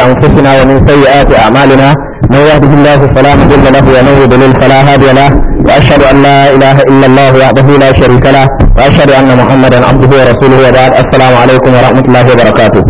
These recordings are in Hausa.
أنفسنا ومن سيئات أعمالنا من يهده الله فلا مضل له ومن يضلل فلا هادي له وأشهد أن لا إله إلا الله وحده لا شريك له وأشهد أن محمدا عبده ورسوله وبعد السلام عليكم ورحمة الله وبركاته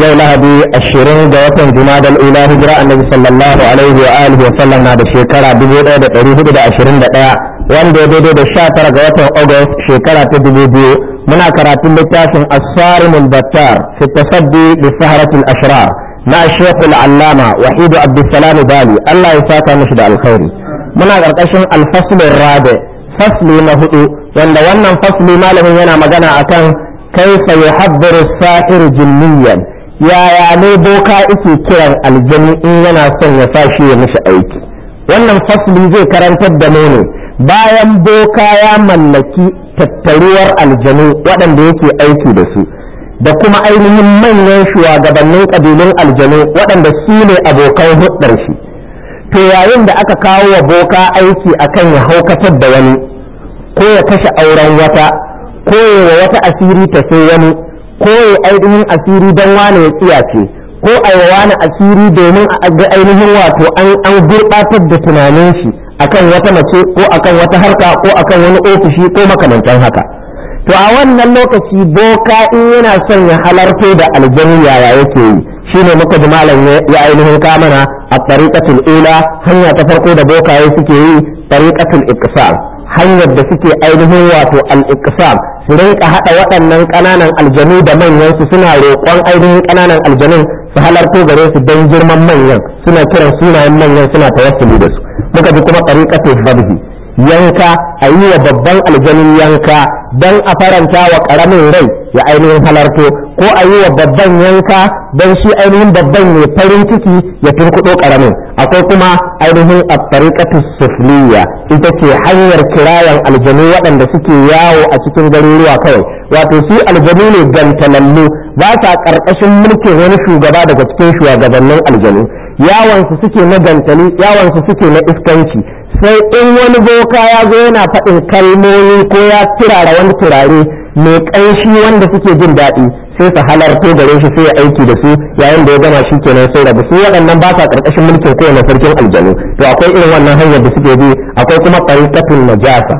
yau lahadi ashirin ga watan jumada al'ula hijira annabi sallallahu alaihi wa alihi wa sallam na da shekara dubu ɗaya da ɗari hudu da ashirin da ɗaya wanda ya daidai da sha tara ga watan agust shekara ta dubu biyu muna karatun littafin asarimul battar fi tasaddi bi saharatul ashrar na shekul allama wahidu abdulsalam bali allah ya saka mishi da alkhairi muna karkashin alfaslin rabe fasli na hudu wanda wannan fasli malamin yana magana akan sayi yuhabbiru sahir jinniyan yaya ne boka yake kiran aljani in yana son ya sa shi ya mishi aiki wannan fasli zai karantar da mu ne bayan boka ya mallaki tattaruwar aljanu waɗanda yake aiki da su da kuma ainihin manyan shugabannin ƙabilun aljanu waɗanda su ne abokan hudar shi to yayin da aka kawo wa boka aiki akan ya haukatar da wani ko ya kashe auren wata ko ya wata asiri ta sai wani ko ya ainihin asiri don wani ya tsiyace ko a wani asiri domin a ainihin wato an gurɓatar da tunanin shi akan wata mace ko akan wata harka ko akan wani ofishi ko makamantan haka to a wannan lokaci boka in yana son ya halarto da aljanu yaya yake yi shine muka ji malam ya ainihin kamana a tariqatul ula hanya ta farko da bokaye suke yi tariqatul iqsam hanyar da suke ainihin wato al su rinka hada waɗannan ƙananan aljanu da manyan su suna roƙon ainihin ƙananan aljanu su halarto gare su don girman manyan suna kiran sunayen manyan suna tawassuli da su muka ji kuma tariqatul zabhi yanka a yi wa babban aljanin yanka don a faranta wa ƙaramin rai ya ainihin halarto ko a yi wa babban yanka don shi ainihin babban ne farin ciki ya turkuɗo ƙaramin akwai kuma ainihin a tariƙatu sufliya ita ce hanyar kirayen aljanu waɗanda suke yawo a cikin garuruwa kawai wato su aljanu ne gantalallu ba sa ƙarƙashin mulkin wani shugaba daga cikin shugabannin aljanu yawansu suke na gantali yawansu suke na iskanci sai in wani boka ya zo yana faɗin kalmomi ko ya turara wani turare mai ƙanshi wanda suke jin daɗi sai su halarta gare shi sai ya aiki da su yayin da ya gama shi kenan sai rabu su waɗannan ba sa ƙarƙashin mulkin na sarkin aljanu to akwai irin wannan hanyar da suke bi akwai kuma fariqatul najasa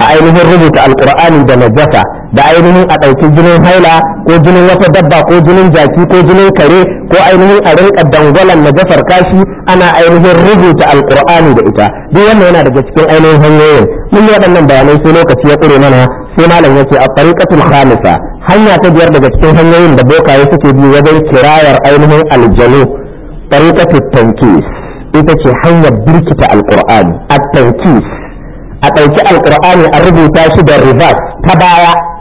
a ainihin rubuta alqur'ani da najasa da ainihin a ɗauki jinin haila ko jinin wata dabba ko jinin jaki ko jinin kare ko ainihin a rinka dangwalan na jafar kashi ana ainihin rubuta alkur'ani da ita duk wannan yana daga cikin ainihin hanyoyin mun yi waɗannan bayanai sai lokaci ya ƙure mana sai malam ya ce a tariqatul khamisa hanya ta biyar daga cikin hanyoyin da bokaye suke bi wajen kirayar ainihin aljanu tariqatul tankis ita ce hanyar birkita alkur'ani at-tankis a ɗauki alkur'ani a rubuta shi da reverse ta baya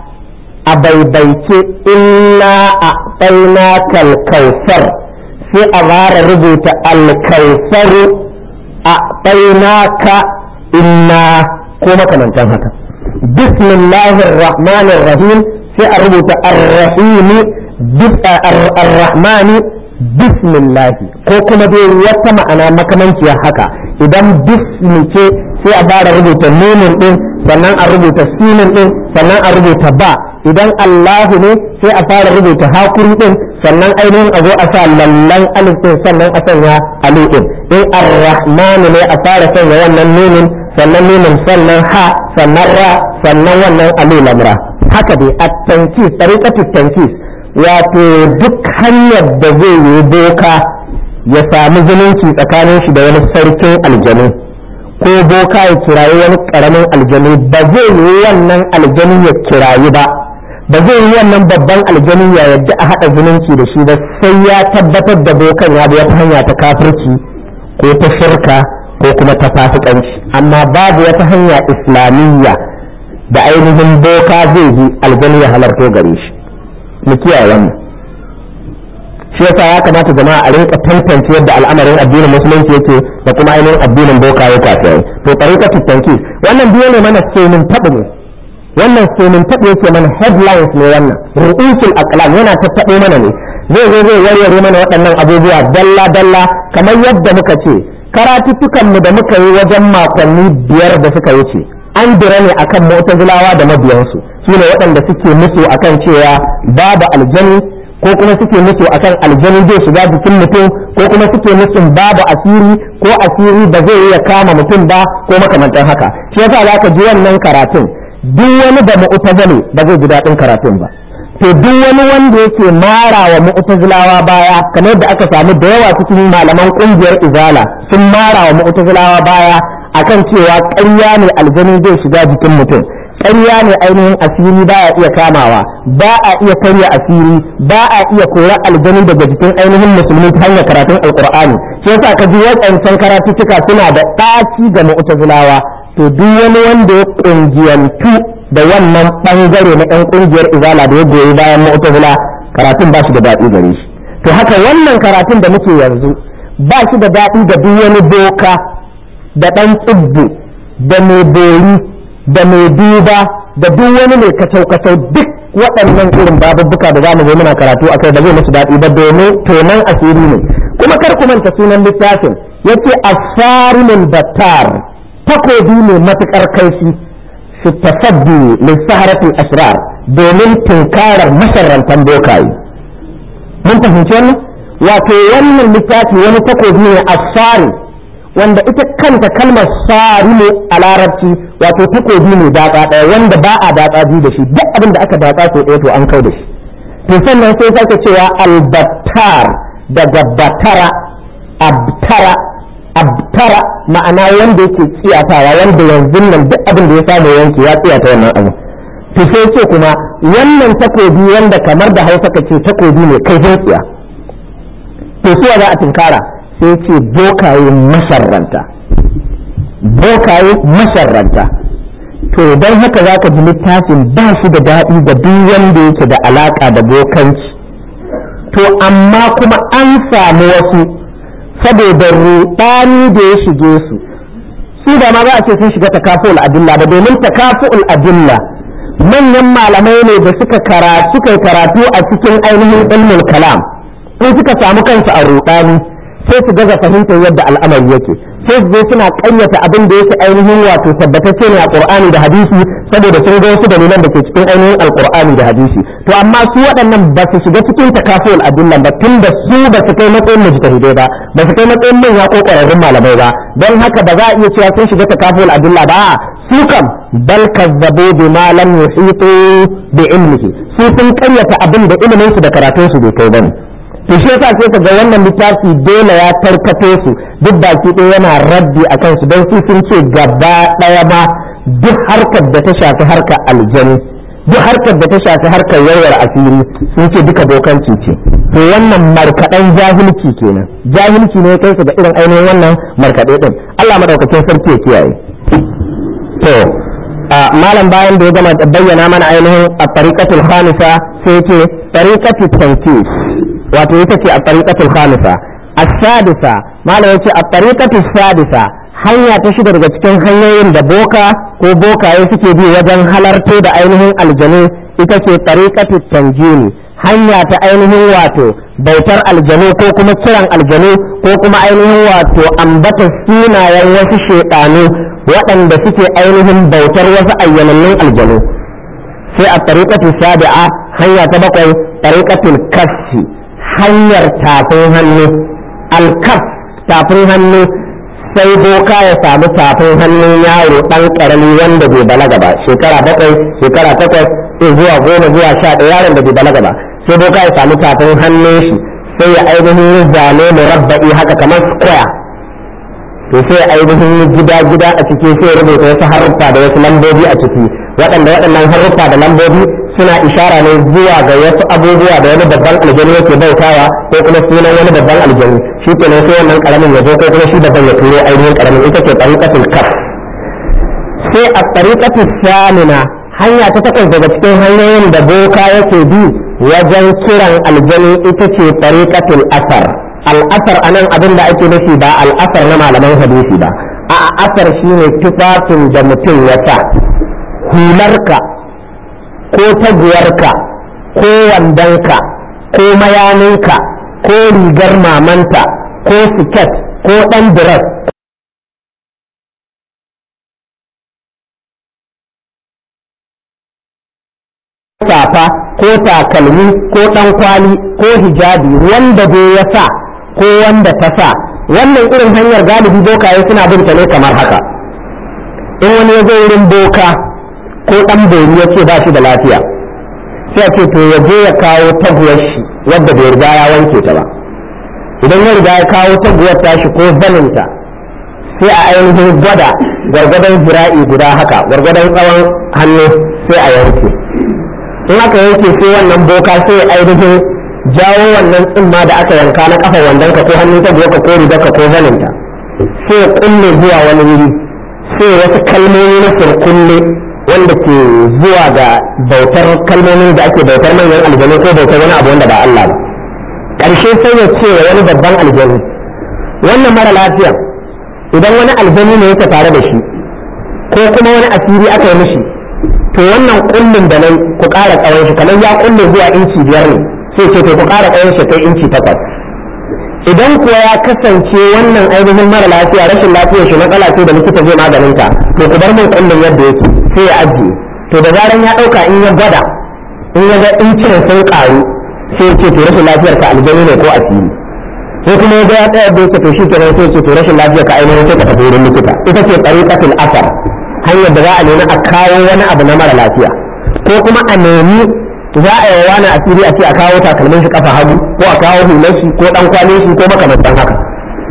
a baibaice inna a tsaina kalkausar sai a fara rubuta alkausar a tsaina ka inna ko makamantan haka bismillahir rahmanir rahim sai a rubuta arrahimi arrahmani bismillahi ko kuma dai wata ma'ana makamanciyar haka idan bismi ce sai a fara rubuta nunin din sannan a rubuta sinin din sannan a rubuta ba idan Allahu ne sai a fara rubuta hakuri din sannan ainihin a zo a sa lallan alif din sannan a sanya alif din in ar-rahman ne a fara sanya wannan nunin sannan nunin sannan ha sannan ra sannan wannan alu lamra haka dai at-tankis tariqatu tankis wato duk hanyar da zai yi boka ya samu zumunci tsakanin shi da wani sarkin aljanu ko boka ya kirayi wani karamin aljanu ba zai yi wannan aljanu ya kirayi ba ba zai yi wannan babban aljani ya yadda a haɗa zumunci da shi ba sai ya tabbatar da bokan ya wata hanya ta kafirci ko ta shirka ko kuma ta fasikanci amma babu wata hanya islamiyya da ainihin boka zai bi aljani ya halarto gare shi mu kiyaye wannan shi yasa ya kamata jama'a a rinka tantance yadda al'amarin addinin musulunci yake da kuma ainihin addinin boka ya kwafiyayi to ka tanki wannan biyo ne mana sai mun taɓa ne wannan sunan taɓe ke mana headlines ne wannan ru'usul aqlam yana tattaɓe mana ne zai zo zai warware mana waɗannan abubuwa dalla dalla kamar yadda muka ce karatuttukan mu da muka yi wajen makonni biyar da suka wuce an dira ne akan mu'tazilawa da mabiyansu su ne waɗanda suke musu akan cewa babu aljani ko kuma suke musu akan aljani zai shiga jikin mutum ko kuma suke musu babu asiri ko asiri ba zai iya kama mutum ba ko makamantan haka shi yasa za ka ji wannan karatun duk wani da mu'tazali ba zai ji daɗin karatun ba to duk wani wanda yake mara wa mu'tazilawa baya kamar da aka sami da yawa cikin malaman ƙungiyar izala sun mara wa mu'tazilawa baya akan cewa ƙarya ne aljani zai shiga jikin mutum ƙarya ne ainihin asiri ba a iya kamawa ba a iya karya asiri ba a iya kora aljani daga jikin ainihin musulmi ta hanyar karatun alƙur'ani shi yasa ka ji waɗancan karatuttuka suna da ɗaci ga mu'tazilawa to duk wani wanda ya kungiyantu da wannan bangare na ɗan kungiyar izala da ya goyi bayan mu'tazila karatun ba shi da daɗi gare shi to haka wannan karatun da muke yanzu ba shi da daɗi ga duk wani boka da ɗan tsibbu da mai bori da mai duba da duk wani mai kacau-kacau duk waɗannan irin babubbuka da za mu zo muna karatu akai da zai musu daɗi ba domin tonon asiri ne kuma kar ku manta sunan littafin yace asfarimul battar takobi ne matuƙar kaifi su tafaddi lissaharatul asrar domin tunkarar masarrantan bokaye mun fahimci wannan wato wannan littafi wani takobi ne asari wanda ita kanta kalmar sari ne a larabci wato takobi ne datsa ɗaya wanda ba a datsa biyu da shi duk abin da aka datsa ko ɗaya to an kau da shi to sannan sai sake cewa albattar daga batara abtara abtara ma'ana wanda yake tsiyatawa wanda yanzu nan duk abin da ya samu yanki ya tsiyata wannan abin to sai ce kuma wannan takobi wanda kamar da hausa kace takobi ne kai tsiya to suwa za a tinkara sai ce bokaye masharranta bokaye masharranta to don haka za ka ji littafin ba shi da daɗi da duk wanda yake da alaƙa da bokanci to amma kuma an samu wasu saboda ruɗani da ya shige su su da ma za a ce sun shiga takafu'ul adilla ba domin takafu'ul adilla manyan malamai ne da suka karatu kai karatu a cikin ainihin ilmin kalam in suka samu kansu a ruɗani sai su gaza fahimtar yadda al'amari yake sai su zo suna kanyata abin da yake ainihin wato tabbatacce ne a Qur'ani da hadisi saboda sun ga wasu dalilan da ke cikin ainihin alqur'ani da hadisi to amma su waɗannan ba su shiga cikin takaful adillan ba tunda su ba su kai matsayin mujtahidai ba ba su kai matsayin manya ko ƙwararrun malamai ba don haka ba za a iya cewa sun shiga takaful adilla ba su kam bal kazzabu bima lam yuhitu bi ilmihi su sun kanyata abin da iliminsu su da karatun su bai kai bane to shi yasa sai ka ga wannan littafi dole ya tarkato su duk baki ɗaya yana rabbi a kansu don su sun ce gaba ɗaya ba duk harkar da ta shafi harkar aljani duk harkar da ta shafi harkar yawar asiri sun ce duka dokanci ce to wannan markaɗan jahilci kenan jahilci ne ya kai su ga irin ainihin wannan markaɗe ɗin Allah madaukakin sarki ya kiyaye to malam bayan da ya gama bayyana mana ainihin a tariqatul khamisa sai ce tariqatul tanqis wato ita ce a tariqatul khamisa a sadisa malam yace a tariqatul sadisa hanya ta shida daga cikin hanyoyin da boka ko bokaye suke bi wajen halarto da ainihin aljanu ita ce tariqatul tanjini hanya ta ainihin wato bautar aljanu ko kuma kiran aljanu ko kuma ainihin wato ambata sunayen wasu shekanu waɗanda suke ainihin bautar wasu ayyanannun aljanu sai a tariqatul sabi'a hanya ta bakwai tariqatul kassi hanyar tafin hannu alkaf tafin hannu sai boka ya samu tafin hannun yaro ɗan ƙarami wanda bai balaga ba shekara bakwai shekara takwas eh, zuwa goma zuwa sha ɗaya yaron da bai balaga ba sai boka ya samu tafin hannun shi sai ya ainihin zane murabba'i haka kamar square to sai ainihin gida gida a ciki sai rubuta wasu haruffa da wasu lambobi a ciki waɗanda waɗannan haruffa da lambobi suna ishara ne zuwa ga wasu abubuwa da wani babban aljanu yake bautawa ko kuma sunan wani babban aljanu shi ke nan sai wannan karamin ko kuma shi babban ya turo ainihin karamin ita ce tariqatul kaf sai a tariqatul samina hanya ta takwas daga cikin hanyoyin da boka yake bi wajen kiran aljanu ita ce tariqatul asar al'asar anan abin da ake nufi ba al'asar na malaman hadisi ba a asar shine tufafin da mutum ya sa hularka ko taguwarka ko wandonka ko mayaninka ko rigar mamanta ko siket ko ɗan Ko safa ko takalmi ko ɗan kwali ko hijabi wanda dai ya sa ko wanda ta sa wannan irin hanyar galibi bokaye suna bin ta ne kamar haka in wani ya zo wurin boka ko ɗan bori ya ce ba shi da lafiya sai a ce to ya je ya kawo taguwar shi wadda bai riga ya wanke ta ba idan ya riga ya kawo taguwar tashi ko zaninta sai a ainihin gwada gwargwadon zira'i guda haka gwargwadon tsawon hannu sai a yanke in aka yanke sai wannan boka sai ainihin jawo wannan tsimma da aka yanka na kafa wandonka ko hannun ka ko rigar ka ko zaninta sai ya kulle zuwa wani wuri sai wasu kalmomi na sirkulle wanda ke zuwa ga bautar kalmomin da ake bautar manyan aljanu ko bautar wani abu wanda ba Allah ba ƙarshe sai ya ce wa wani babban aljanu wannan mara lafiya idan wani aljanu ne yake tare da shi ko kuma wani asiri aka yi mishi to wannan kullum da nan ku ƙara tsawon shi kamar ya kulle zuwa inci biyar ne sai ce to ku ƙara tsawon shi sai inci takwas idan kuwa ya kasance wannan ainihin mara lafiya rashin lafiyar shi matsala ce da likita zai maganinta to ku bar min kullum yadda yake sai ya ajiye to da zaran ya ɗauka in ya gwada in ya ga in cire sun karu sai ce to rashin lafiyar ka aljani ne ko asiri ko kuma ya ga ya tsaya da yake to shi sai ce to rashin lafiyar ka ainihin sai ka tafi wurin likita ita ce tsariƙatul asar hanyar da za a nemi a kawo wani abu na mara lafiya ko kuma a nemi za a yi wani asiri a ce a kawo takalmin shi kafa hagu ko a kawo hular shi ko dan kwale shi ko makamantan haka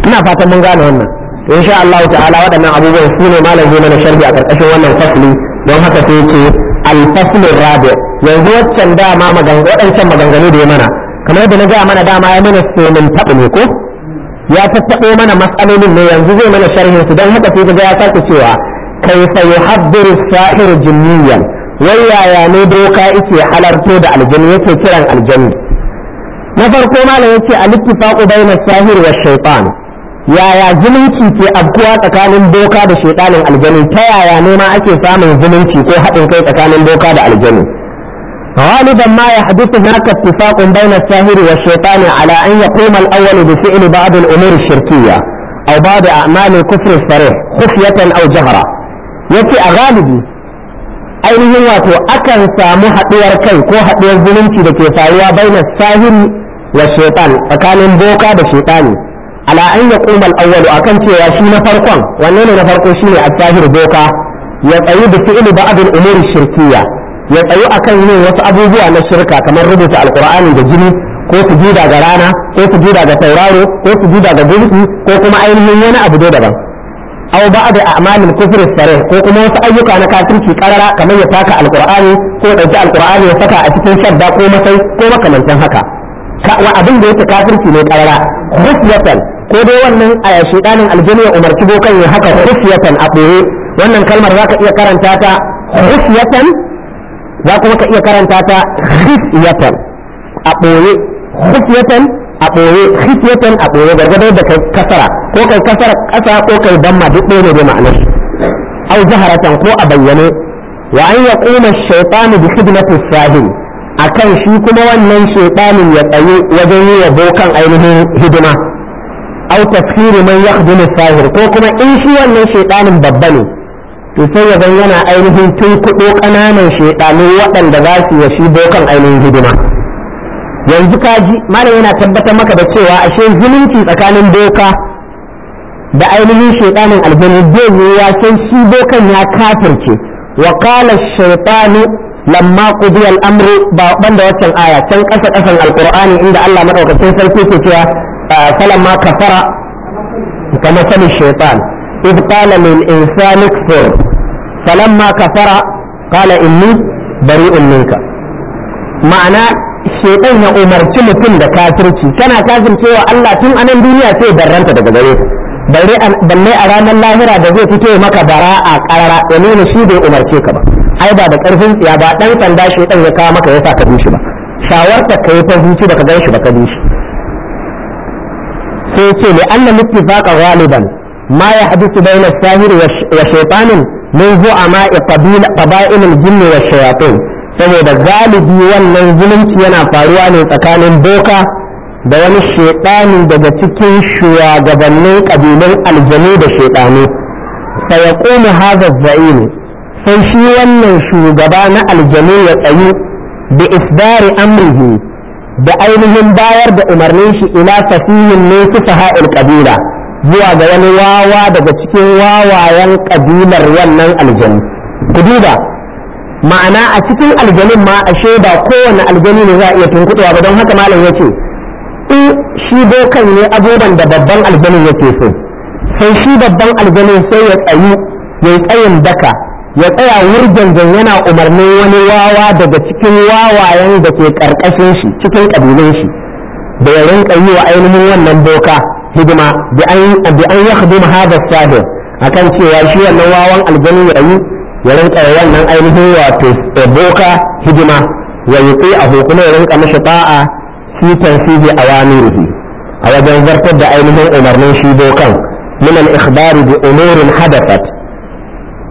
ina fatan mun gane wannan to insha Allah ta'ala waɗannan abubuwan su ne malam zai mana sharhi a karkashin wannan fasli don haka sai ce alfaslur rabi yanzu waccan dama waɗancan maganganu da ya mana kamar yadda na gaya mana dama ya mana somin taɓa ne ko ya tattaɓo mana matsalolin ne yanzu zai mana sharhin su don haka sai ga ya sake cewa sayo yuhabbiru sahir jinniyan wai yaya ne doka yake halarto da aljanni yake kiran aljanni na farko malam yace al-ittifaqu bayna sahir wa shaytan yaya zumunci ke abkuwa tsakanin boka da shaidanin aljani ta yaya ne ake samun zumunci ko haɗin kai tsakanin boka da aljani غالبا ما يحدث هناك اتفاق بين الساهر والشيطان على ان يقوم الاول بفعل بعض الامور الشركيه او بعض اعمال الكفر الصريح خفيه او جهرا يكي اغالبي ainihin wato akan samu haɗuwar kai ko haɗuwar zumunci da ke faruwa bainar sahiri wa shaitan tsakanin boka da shaitani ala an ya kuma al'awwalu a kan cewa shi na farkon wanne ne na farko shi ne al boka ya tsayu da fi'il ba'adul umuri shirkiya ya tsayu akan yin wasu abubuwa na shirka kamar rubuta alkur'ani da jini ko su juda ga rana ko su juda ga tauraro ko su juda ga gurbi ko kuma ainihin wani abu da daban aw da amalin kufr sare ko kuma wasu ayyuka na kafirci karara kamar ya taka alkur'ani ko dauki alkur'ani ya saka a cikin shadda ko masai ko makamantan haka wa abin da yake kafirci ne karara khufyatan ko dai wannan aya shedanin aljini ya umarci bokan ya haka khufyatan a boye wannan kalmar za ka iya karanta ta khufyatan za kuma ka iya karanta ta khifyatan a boye khufyatan a boye khifyatan a boye gargadar da kai kasara ko kai kasara kasa ko kai damma duk ɗaya ne ma'anar au jaharatan ko a bayyane wa an yaquma ash-shaytanu bi khidmati as-sahil akan shi kuma wannan shaytanin ya tsayi wajen yi wa bokan ainihin hidima au tafsiri man yakhdum sahir ko kuma in shi wannan shaytanin babba ne to sai ya yana ainihin tun kudo kananan shaydanu waɗanda za su yi bokan ainihin hidima yanzu kaji malam yana tabbatar maka da cewa ashe zumunci tsakanin boka da ainihin shaytanin aljanu zai yi wasan shi bokan ya kafirce wa qala shaytanu lamma qudiya al-amru ba banda waccan aya can kasa kasan alqur'ani inda Allah madaukakin sarki ke cewa ah, falamma kafara kama sani shaytan إذ قال للإنسان اكفر فلما كفر قال inni بريء منك ma'ana shedan ya umarci mutum da kafirci kana kafircewa Allah tun anan duniya sai barranta daga gare balle a ranar lahira da zai fito maka bara a karara ya nuna shi bai umarce ka ba ai ba da karfin tsiya ba dan sanda shi dan ya kawo maka yasa ka dushi ba shawarta ka yi ta hutu baka gan shi baka dushi sai ce li anna ka ghaliban ma yahdithu bayna as-sahir wa shaytanin min zu'ama qaba'il al-jinn wa shayatin saboda galibi wannan zulunci yana faruwa ne tsakanin boka da wani shaitani daga cikin shugabannin kabilun aljanu da shaitani fa yaqumu hadha az-za'im sai shi wannan shugaba na aljanu ya tsayu da isbari amrihi da ainihin bayar da umarnin shi ila fasihin ne su faha'il kabila zuwa ga wani wawa daga cikin wawayen kabilar wannan aljanu ku duba ma'ana a cikin aljanun ma ashe ba kowane aljani ne za a iya tunkutuwa ba don haka malam ya ce in shi bokan ne abubuwan da babban aljanin yake so sai shi babban aljanin sai ya tsayu ya tsayin daka ya tsaya wurjanjan yana umarnin wani wawa daga cikin wawayen da ke karkashin shi cikin kabilun shi da ya rinka yi wa ainihin wannan boka hidima da an ya hudu mahadar sabir akan cewa shi wannan wawan aljanu ya yi ya rinka wannan ainihin wato eh, boka hidima ya yuqi ahu kuma ya rinka mashi ba'a a wani awamirihi a wajen zartar da ainihin umarnin shi bokan min al-ikhbari bi umurin hadathat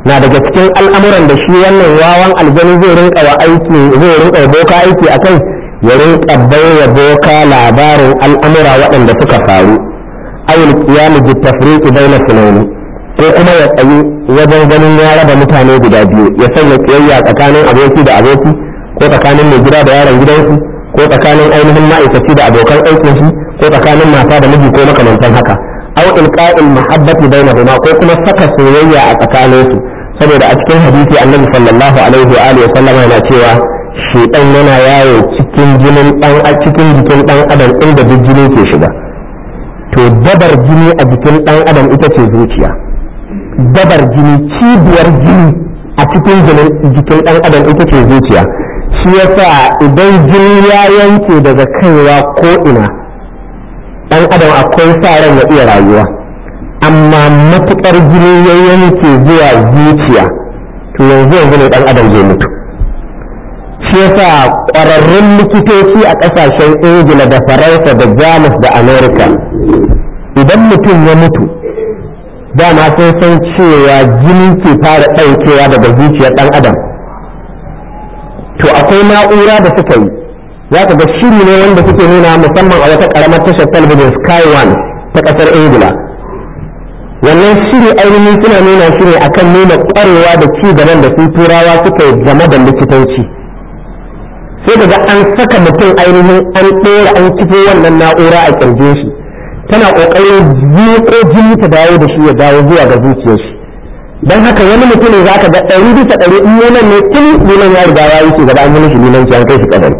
na daga cikin al'amuran da shi wannan wawan aljani zai rinka wa aiki zai rinka boka aiki a kai ya rinka baiwa boka labarin al'amura waɗanda suka faru awul qiyamu bi tafriqi baina sunani ko kuma ya tsayi wajen ganin ya raba mutane guda biyu ya sanya kiyayya tsakanin aboki da aboki ko tsakanin mai gida da yaron gidansu ko tsakanin ainihin ma'aikaci da abokan shi ko tsakanin mata da miji ko makamantan haka au ilqa'il mahabbati bainahuma ko kuma saka soyayya a tsakaninsu saboda a cikin hadisi annabi sallallahu alaihi wa alihi sallama yana cewa shedan yana yawo cikin jinin dan a cikin jikin dan adam inda duk jini ke shiga to dabar jini a jikin dan adam ita ce zuciya dabar jini cibiyar jini a cikin jikin dan adam ita ce zuciya shi yasa idan jini ya yanke daga kaiwa ko ina dan adam akwai sa ran ya iya rayuwa amma matuƙar jini ya yanke zuwa zuciya to yanzu yanzu ne ɗan adam zai mutu shi yasa ƙwararrun likitoci a ƙasashen ingila da faransa da jamus da amerika idan mutum ya mutu dama sun san cewa jini ke fara ɗaukewa daga zuciyar ɗan adam to akwai na'ura da suka yi za ka ga shiri ne wanda suke nuna musamman a wata ƙaramar tashar talabijin sky one ta ƙasar ingila wannan shiri ainihin suna nuna shi ne akan nuna kwarewa da ci gaban da sun turawa suka yi game da likitanci sai daga an saka mutum ainihin an ɗora an kifo wannan na'ura a kirjin shi tana ƙoƙarin zuƙo jini ta dawo da shi ya dawo zuwa ga zuciyar shi don haka wani mutum ne zaka ga ɗari bisa ɗari in nunan ne tun nunan ya riga ya wuce gaba an yi mishi nunan an kai shi kadari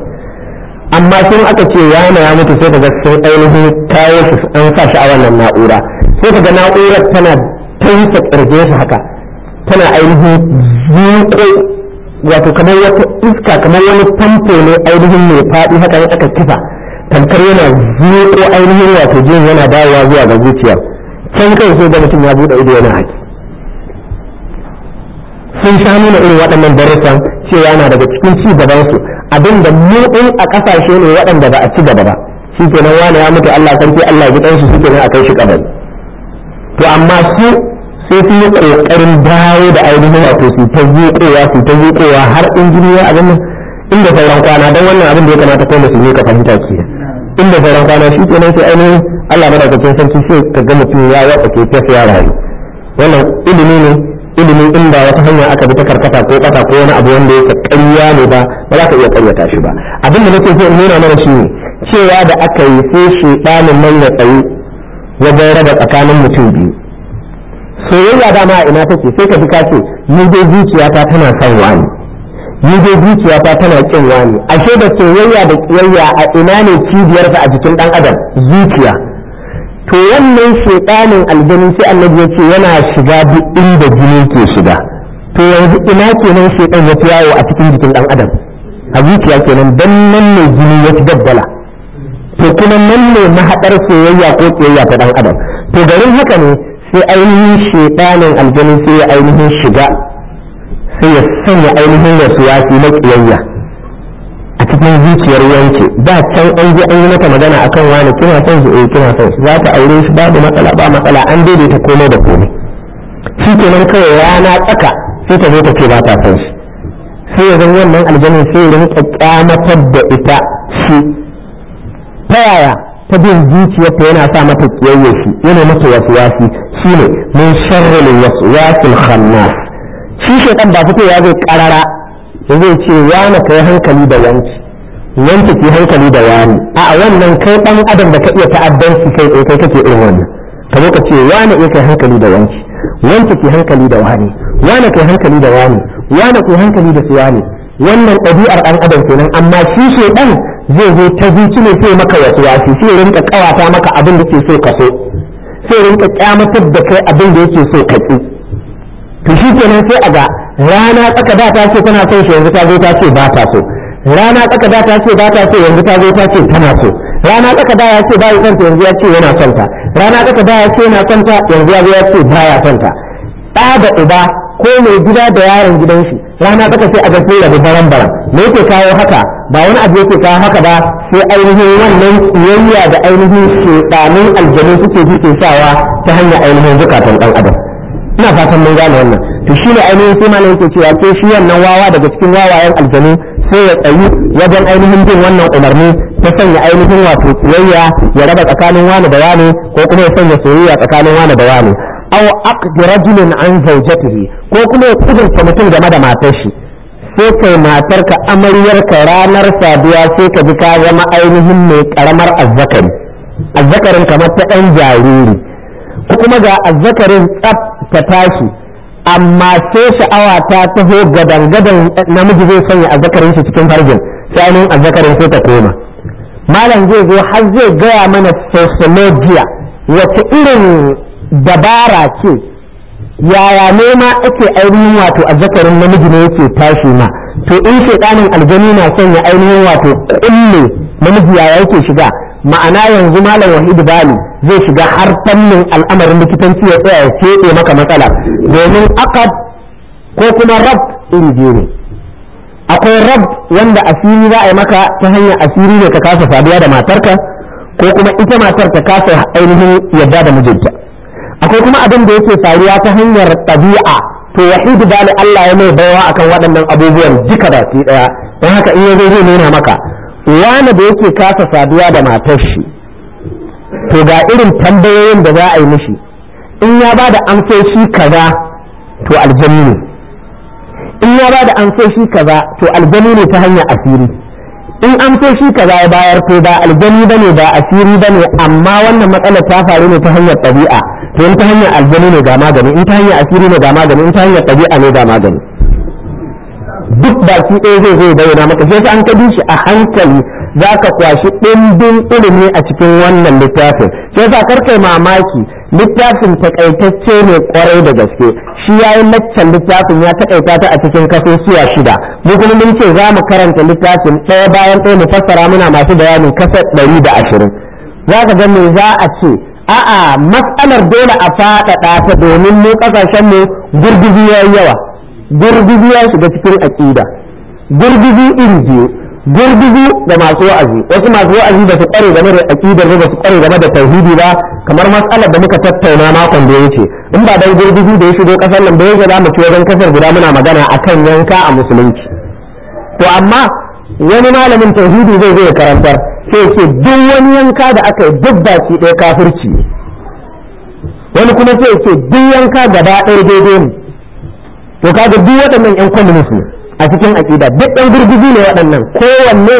amma sun aka ce na ya mutu sai daga sun ainihin kawo shi an sa shi a wannan na'ura sai ga na'urar tana ta ƙirge shi haka tana ainihin zuƙo wato kamar wata iska kamar wani famfo ne ainihin mai faɗi haka ya aka kifa tamkar yana zuƙo ainihin wato jin yana dawowa zuwa ga zuciya can kai sai da mutum ya buɗe ido yana haki sun sha nuna irin waɗannan darussan cewa na daga cikin ci gabansu abin da mu a ƙasashe ne waɗanda ba a ci gaba ba shi kenan wani ya mutu Allah sarki Allah ya ji ɗansu shi kenan a kai shi kabari to amma su sai sun yi ƙoƙarin dawo da ainihin wato su ta zuƙowa su ta zuƙowa har injiniya abin nan inda sauran kwana don wannan abin da ya kamata kai ne ka fahimta ke inda sauran kwana shi kenan sai ainihin Allah madaukakin sarki sai ka ga mutum ya wata ke ta ya rayu wannan ilimi ne ilimi inda wata hanya aka bi ta karkata ko kasa ko wani abu wanda yake ƙarya ne ba ba za ka iya ƙaryata shi ba abin da nake so in nuna mana shi ne cewa da aka yi sai shi ɗanin manya tsaye wajen raba tsakanin mutum biyu soyayya dama a ina take sai ka bi ce ni dai zuciyata tana son wani ni dai zuciyata tana kin wani ashe da soyayya da kiyayya a ina ne cibiyar a jikin dan adam zuciya to wannan shedanin aljanin sai annabi ya ce yana shiga duk inda jini ke shiga to yanzu ina kenan shedan ya fi yawo a cikin jikin dan adam a zuciya kenan dan nan ne jini ya fi daddala to kuma nan ne mahaɗar soyayya ko soyayya ta ɗan adam to garin haka ne sai ainihin shedanin aljani sai ya ainihin shiga sai ya sanya ainihin wasu wasi na ƙiyayya a cikin zuciyar yanke da can an ji an yi mata magana kan wani kina son su eh kina son za ta aure shi babu matsala ba matsala an daidaita komai da komai shi kenan kawai rana tsaka sai ta zo ta ce ba ta son shi sai ya zan wannan aljanin sai ya rinka kyamatar da ita shi ta yaya ta bin zuciyarta yana sa mata kiyayye shi yana mata waswasi shine min sharril waswasil khannas shi shedan ba fito ya zo karara ya zai ce wani kai hankali da wanki wanki ki hankali da wani a wannan kai dan adam da ka iya ta'addanci kai kai kai kake irin wannan ka zo ka ce wani iya kai hankali da wanki wanki ki hankali da wani wani kai hankali da wani wani kai hankali da su wani wannan ɗabi'ar ɗan adam kenan amma shi shedan zai zo ta zuci ne sai maka wasu wasu sai rinka kawata maka abin da ke so ka so sai rinka kyamatar da kai abin da yake so ka ki to shi kenan sai a ga rana tsaka da ta ce tana son shi yanzu ta zo ta ce ba ta so rana tsaka da ta ce ba ta so yanzu ta zo ta ce tana so rana tsaka da ya ce ba ya santa yanzu ya ce yana son ta rana tsaka da ya ce yana son ta yanzu ya zo ya ce ba ya son ta ɗa da uba ko mai gida da yaron gidan shi rana tsaka sai a ga sai rabu baran baran me yake kawo haka ba wani abu yake kawo haka ba sai ainihin wannan kiyayya da ainihin shedanin aljanu suke ji ke sawa ta hanyar ainihin zukatan dan adam ina fatan mun gane wannan to ne ainihin sai malam yake cewa ke shi wannan wawa daga cikin wawayen aljanu sai ya tsayi wajen ainihin bin wannan umarni ta sanya ainihin wato kiyayya ya raba tsakanin wani da wani ko kuma ya sanya soyayya tsakanin wani da wani aw aqdi rajulin an zawjatihi ko kuma ya kudurta mutum game da matar shi sai kai amaryar ka ranar saduwa sai ka ji ka zama ainihin mai karamar azzakari azzakarin kamar ta ɗan jariri ko kuma ga azzakarin tsaf ta tashi amma sai sha'awa ta taho gadan-gadan namiji zai sanya azzakarin shi cikin farjin sai ainihin azzakarin sai ta koma malam zai zo har zai gaya mana sociology wata irin dabara ce yaya nema ake ainihin wato a zakarin namiji ne yake tashi ma to in shaidanin aljani na son ya ainihin wato kulle namiji yaya yake shiga ma'ana yanzu malam wahidu bali zai shiga har fannin al'amarin likitanci ya tsaya ya keɓe maka matsala domin akad ko kuma rab iri biyu ne akwai rab wanda asiri za a yi maka ta hanyar asiri ne ka kasa saduwa da matarka ko kuma ita matar ta kasa ainihin yadda da mijinta akwai kuma abin da yake faruwa ta hanyar ɗabi'a to wahid bali Allah ya mai bayawa akan waɗannan abubuwan duka baki ɗaya don haka in yazo zai nuna maka wani da yake kasa saduwa da matar shi to ga irin tambayoyin da za a yi mishi in ya ba da amsoshi kaza to aljanni ne in ya ba da amsoshi kaza to aljanni ne ta hanyar asiri in amsoshi kaza ya bayar to ba ba ne ba asiri bane amma wannan matsalar ta faru ne ta hanyar ɗabi'a to in ta hanyar aljani ne ga magani in ta hanyar asiri ne ga magani in ta hanyar ɗabi'a ne ga magani duk baki ɗaya zai zai bayyana maka sai an ka bi shi a hankali za ka kwashi ɗimbin ilimi a cikin wannan littafin sai za karka mamaki littafin takaitacce ne kwarai da gaske shi ya yi laccan littafin ya takaita ta a cikin kasusuwa shida mu kuma mun ce za mu karanta littafin ɗaya bayan ɗaya mu fassara muna masu bayanin kasa ɗari da ashirin za ka ga me za a ce a'a matsalar dole a faɗaɗa ta domin mu ƙasashen mu gurguzu ya yi yawa gurguzu ya shiga cikin aƙida gurguzu iri biyu gurguzu da masu wa'azi wasu masu wa'azi ba su ƙware game da aƙidar ba su ƙware game da tauhidi ba kamar matsalar da muka tattauna makon da ya wuce in ba dan gurguzu da ya shigo ƙasar nan ba yake za mu ci wajen kasar guda muna magana a kan yanka a musulunci to amma wani malamin tauhidi zai zo ya karantar sai ce duk wani yanka da aka yi duk shi ɗaya kafirci wani kuma sai ce duk yanka gaba ɗaya daidai ne to kaga duk waɗannan yan communist ne a cikin aƙida duk ɗan gurguzu ne waɗannan kowanne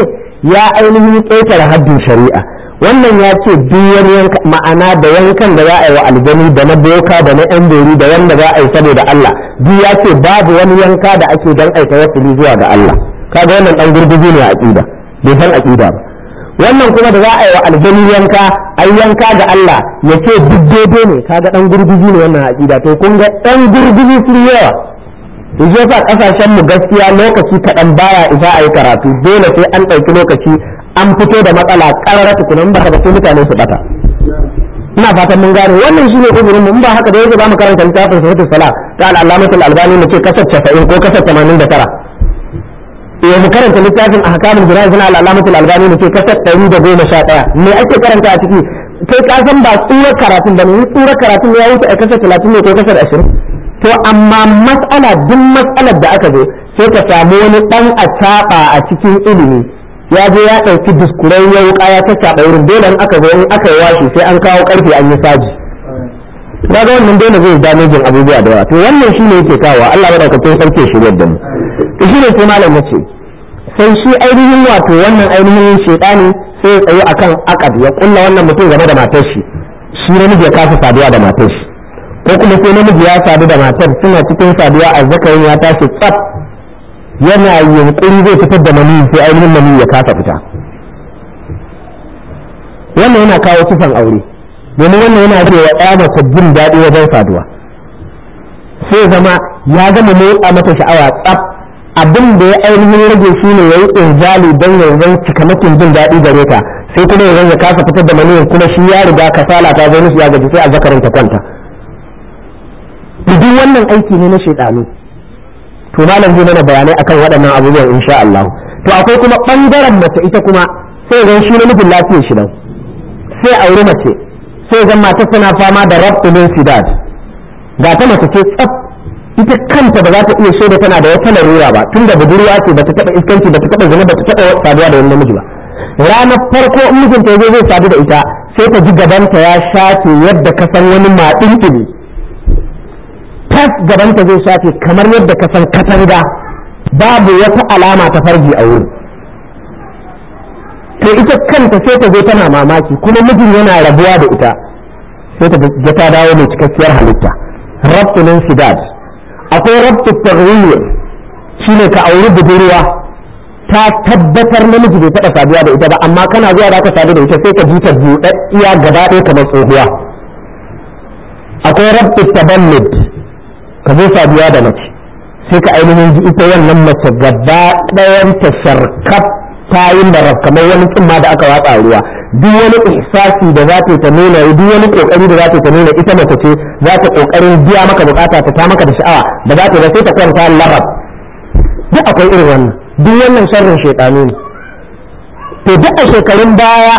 ya ainihin ƙetare haddin shari'a wannan ya ce duk wani yanka ma'ana da yankan da za a yi wa aljani da na boka da na ɗan bori da wanda za a yi saboda Allah duk ya ce babu wani yanka da ake don aika wasu zuwa ga Allah kaga wannan ɗan gurguzu ne a aƙida bai san aƙida ba wannan kuma da za a yi wa aljani yanka ai yanka ga Allah ya ce duk dodo ne kaga dan gurguzu ne wannan aqida to kun ga ɗan gurguzu sun yawa yanzu sa kasashen mu gaskiya lokaci kaɗan baya isa a yi karatu dole sai an ɗauki lokaci an fito da matsala ƙarara tukunan ba ka mutane su bata ina fatan mun gane wannan shine uzurin mu in ba haka da yake mu karanta littafin sahihu sala ta al-allamatul albani ne ce kasar 90 ko kasar 89 ya mu karanta littafin a hakamun jirajin al'alamatul albani ne ke kasar ɗari da goma sha ɗaya me ake karanta a ciki kai kasan ba tsura karatun ba ne tsura karatun ya wuce a kasar talatin ne ko kasar ashirin to amma matsala duk matsalar da aka zo sai ka samu wani ɗan a a cikin ilimi ya je ya ɗauki duskuren ya wuƙa ya tattaɓa wurin dole in aka zo in aka yi washe sai an kawo ƙarfe an yi saji na ga wannan dole zai mejin abubuwa da yawa to wannan shi ne yake kawo Allah madaukakin sarki shi da mu shi ne sai malam ya ce sai shi ainihin wato wannan ainihin shaitani sai ya tsaye akan akad ya kulla wannan mutum game da matar shi shi namiji ya kasa saduwa da matar shi ko kuma sai namiji ya sadu da matar suna cikin saduwa a zakarin ya tashi tsaf yana yunkuri zai fitar da mani sai ainihin mani ya kasa fita wannan yana kawo kisan aure domin wannan yana rage wa ɗaya mace jin daɗi wajen saduwa sai zama ya gama motsa mata sha'awa tsaf abin da ya ainihin rage shi ne ya yi injali don ya cika mutum jin daɗi gare ta sai kuma ya kasa fitar da maniyin kuma shi ya riga kasala ta zai musu ya gaji sai zakarin ta kwanta duk wannan aiki ne na shaidanu to malam zai mana bayanai akan waɗannan abubuwan insha Allah to akwai kuma ɓangaren mace ita kuma sai zan shi nufin lafiyar shi nan sai aure mace sai zan mata suna fama da rabtu min sidad ga ta mace ce tsaf ita kanta ba za ta iya shaida tana da wata larura ba tunda budurwa ce ba ta taba iskanci ba ta taba zina ba ta taba saduwa da wani namiji ba ranar farko in mijinta ya zo zai sadu da ita sai ta ji gabanta ya shafe yadda ka san wani maɗin ne tas gabanta zai shafe kamar yadda ka san katanga babu wata alama ta farji a wurin to ita kanta sai ta zo tana mamaki kuma mijin yana rabuwa da ita sai ta ga ta dawo mai cikakkiyar halitta rabtunin sidad akwai rabtu shi shine ka auri budurwa ta tabbatar namiji bai taɓa saduwa da ita ba amma kana zuwa za ka sadu da ita sai ka ji ta iya gaba ɗaya kamar tsohuwa akwai rabtu taballud ka zo saduwa da mace sai ka ainihin ji ita wannan mace gaba ɗayan ta sharkar ta yi marar kamar wani tsumma da aka watsa ruwa duk wani ihsasi da za ta nuna duk wani kokari da za ta nuna ita mace ce za ta kokarin biya maka bukata ta ta maka da sha'awa da za ta sai ta kwanta lahab duk akwai irin wannan duk wannan sharrin shaytanu ne to duk a shekarun baya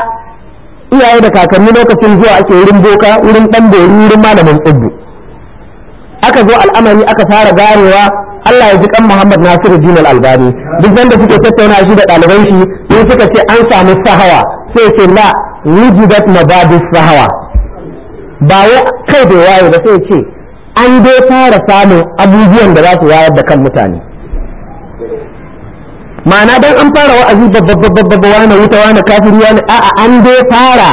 iyaye da kakanni lokacin zuwa ake wurin boka wurin dan bori wurin malamin tsibbi. aka zo al'amari aka fara ganewa Allah ya ji kan Muhammad Nasiru jinal Albani duk wanda suke tattauna shi da ɗaliban shi sai suka ce an samu sahawa sai ce la wujudat mabadis sahawa ba wai kai da waye ba sai ce an dai fara samun abubuwan da za su wayar da kan mutane ma'ana dan an fara wa'azi babba babba wani wuta wani kafiri wani a'a an dai fara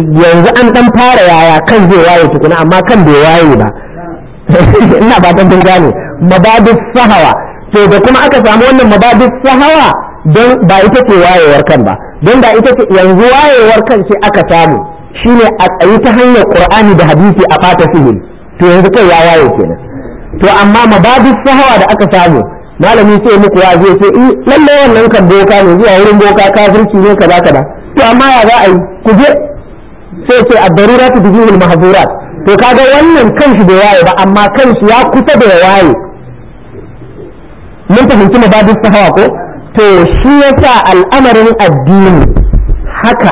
yanzu an dan fara yaya kan zai waye tukuna amma kan bai waye ba ina ba tan gane mabadus sahawa to da kuma aka samu wannan mabadus sahawa don ba ita ce wayewar kan ba don da ita ce yanzu wayewar kan ce aka samu shine a tsayi ta hanyar qur'ani da hadisi a fata sihir to yanzu kai ya waye kenan to amma mabadus sahawa da aka samu malami sai muku ya zai ce in eh, lalle wannan kan boka ne zuwa wurin boka kafirci ne kaza kaza to amma ya za a yi ku je sai ce a darura tudhibul mahzurat to kaga wannan kanshi da waye ba amma kanshi ya kusa da waye mun fahimci babu sahawa ko to shi yasa al'amarin addini haka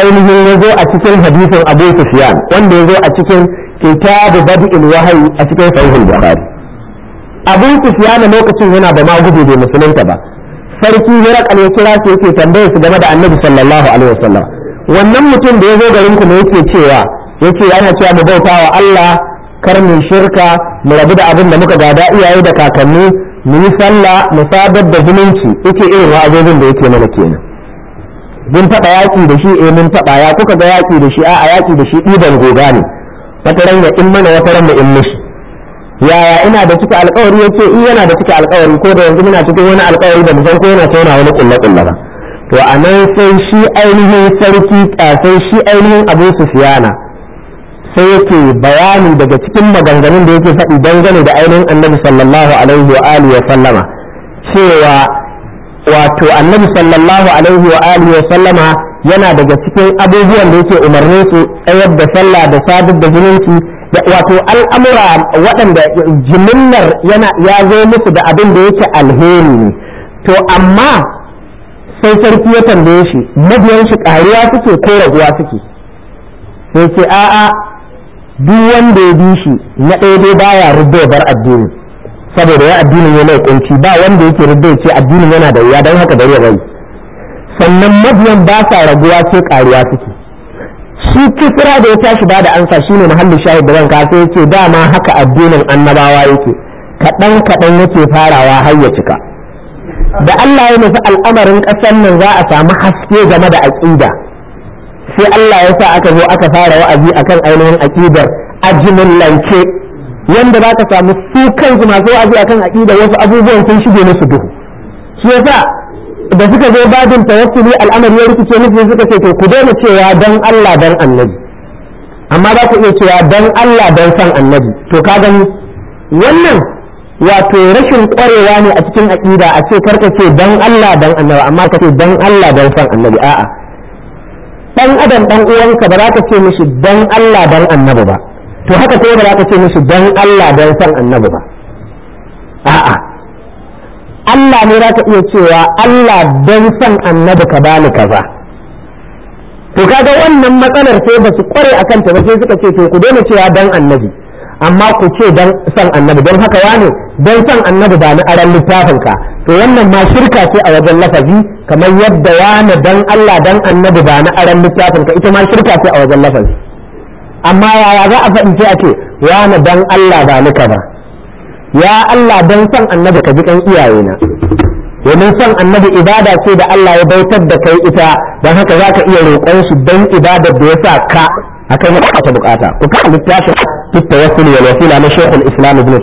ainihin ya zo a cikin hadisin Abu Sufyan wanda ya zo a cikin kitabu bad'il wahyi a cikin sahih al-Bukhari Abu Sufyan lokacin yana da magudu bai musulunta ba sarki Hirakal ya kira su yake tambaye su game da Annabi sallallahu alaihi wasallam wannan mutum da ya zo garin ku ne yake cewa yake yana cewa mu bauta wa Allah kar mu shirka mu rabu da abin da muka gada iyaye da kakanni mu yi sallah mu sadar da zumunci yake irin wa'azozin da yake mana kenan mun taɓa yaƙi da shi eh mun taɓa ya kuka ga yaƙi da shi A yaƙi da shi ɗiban goga ne wata ran in mana wata ranga in mishi yaya ina da cika alƙawari yace in yana da cika alƙawari ko da yanzu muna cikin wani alƙawari da mu san ko yana tauna wani ƙulla ba to a nan sai shi ainihin sarki sai shi ainihin abu sufiyana sai yake bayani daga cikin maganganun da yake faɗi dangane da ainihin annabi sallallahu alaihi wa alihi wa sallama cewa wato annabi sallallahu alaihi wa alihi wa sallama yana daga cikin abubuwan da yake umarni su tsayar da sallah da sadar da zumunci wato al'amura waɗanda jimillar yana ya zo musu da abin da yake alheri ne to amma sai sarki ya tambaye shi mabiyan shi ƙariya suke ko raguwa suke sai ce a'a duk wanda ya bi shi na ɗaya baya rubo bar addini saboda ya addinin yana kunci ba wanda yake rubo ya ce addinin yana da wuya don haka bari ya bari sannan mabiyan ba sa raguwa sai ƙariya suke shi kisra da ya tashi ba da ansa shine muhallin shahid da ranka sai ya ce dama haka addinin annabawa yake kaɗan kaɗan yake farawa har ya cika da Allah ya nufi al'amarin ƙasar nan za a samu haske game da aƙida sai Allah ya sa aka zo aka fara wa'azi akan ainihin aƙidar a jimillance yanda za ka samu su su masu wa'azi akan aƙidar wasu abubuwan sun shige musu duhu shi yasa da suka zo babin tawassuli al'amari ya rikice musu suka ce to ku daina cewa dan Allah dan annabi amma za ku iya cewa dan Allah dan san annabi to ka gani wannan wato rashin kwarewa ne a cikin aƙida a ce karka ce dan Allah dan annabi amma ka ce dan Allah dan san annabi a'a dan adam dan uwanka ba za ka ce mishi dan Allah dan annabi ba to haka ko ba za ka ce mishi dan Allah dan san annabi ba a'a Allah ne za ka iya cewa Allah dan san annabi ka bani kaza to kaga wannan matsalar sai ba su kware akan ta ba sai suka ce to ku daina cewa dan annabi amma ku ce don son annabi don haka wane don son annabi ba ni aran littafinka to wannan ma shirka ce a wajen lafazi kamar yadda wane don Allah don annabi ba ni aran littafinka ita ma shirka ce a wajen lafazi amma yaya za a faɗi ce a ce wane don Allah ba ni ka ba ya Allah don san annabi ka ji kan na domin san annabi ibada ce da Allah ya bautar da kai ita don haka zaka iya roƙon shi don ibadar da ya sa ka akan wata bukata ku ka littafin ya tawassul wal wasila na shaykhul islam ibn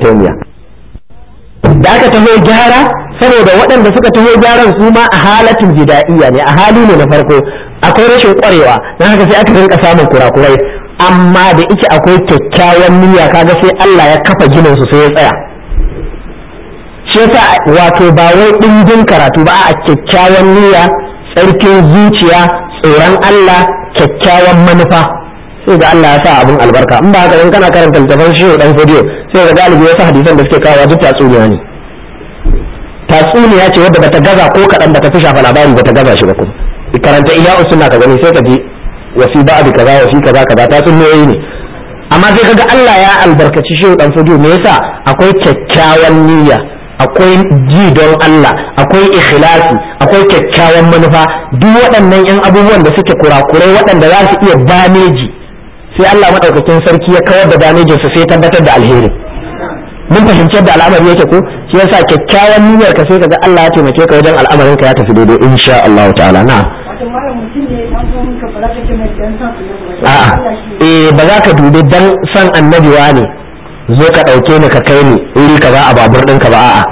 da aka taho gyara saboda waɗanda suka taho gyaran su ma a halatin jida'iyya ne a hali ne na farko akwai rashin ƙwarewa na haka sai aka rinka samun kurakurai amma da ike akwai kyakkyawan niyya kaga sai Allah ya kafa ginin su sai ya tsaya shi yasa wato ba wai dingin karatu ba a kyakkyawan niyya tsarkin zuciya tsoron Allah kyakkyawan manufa sai ga Allah ya sa abin albarka in ba haka in kana karanta littafin shi dan fodiyo sai ga galibi wasu hadisan da suke kawo duk tatsuniya ne tatsuniya ce wadda bata gaza ko kaɗan bata fi shafa labari bata gaza shi ba kuma karanta iya usuna ka gani sai ka ji wasi ba abu kaza wasi kaza kaza tatsuniyoyi ne amma sai kaga Allah ya albarkaci shi dan fodiyo me yasa akwai kyakkyawan niyya akwai ji don Allah akwai ikhlasi akwai kyakkyawan manufa duk waɗannan 'yan abubuwan da suke kurakurai waɗanda za su iya bameji sai Allah madaukakin sarki ya kawar da damejin su sai tabbatar da alheri mun fahimci yadda al'amari yake ko shi yasa kyakkyawan niyyar ka sai kaga Allah ya taimake ka wajen al'amarin ka ya tafi daidai insha Allah ta'ala na a'a eh ba za ka dube dan san annabi ne zo ka dauke ni ka kai ni iri ka ba a babur ɗinka ba a'a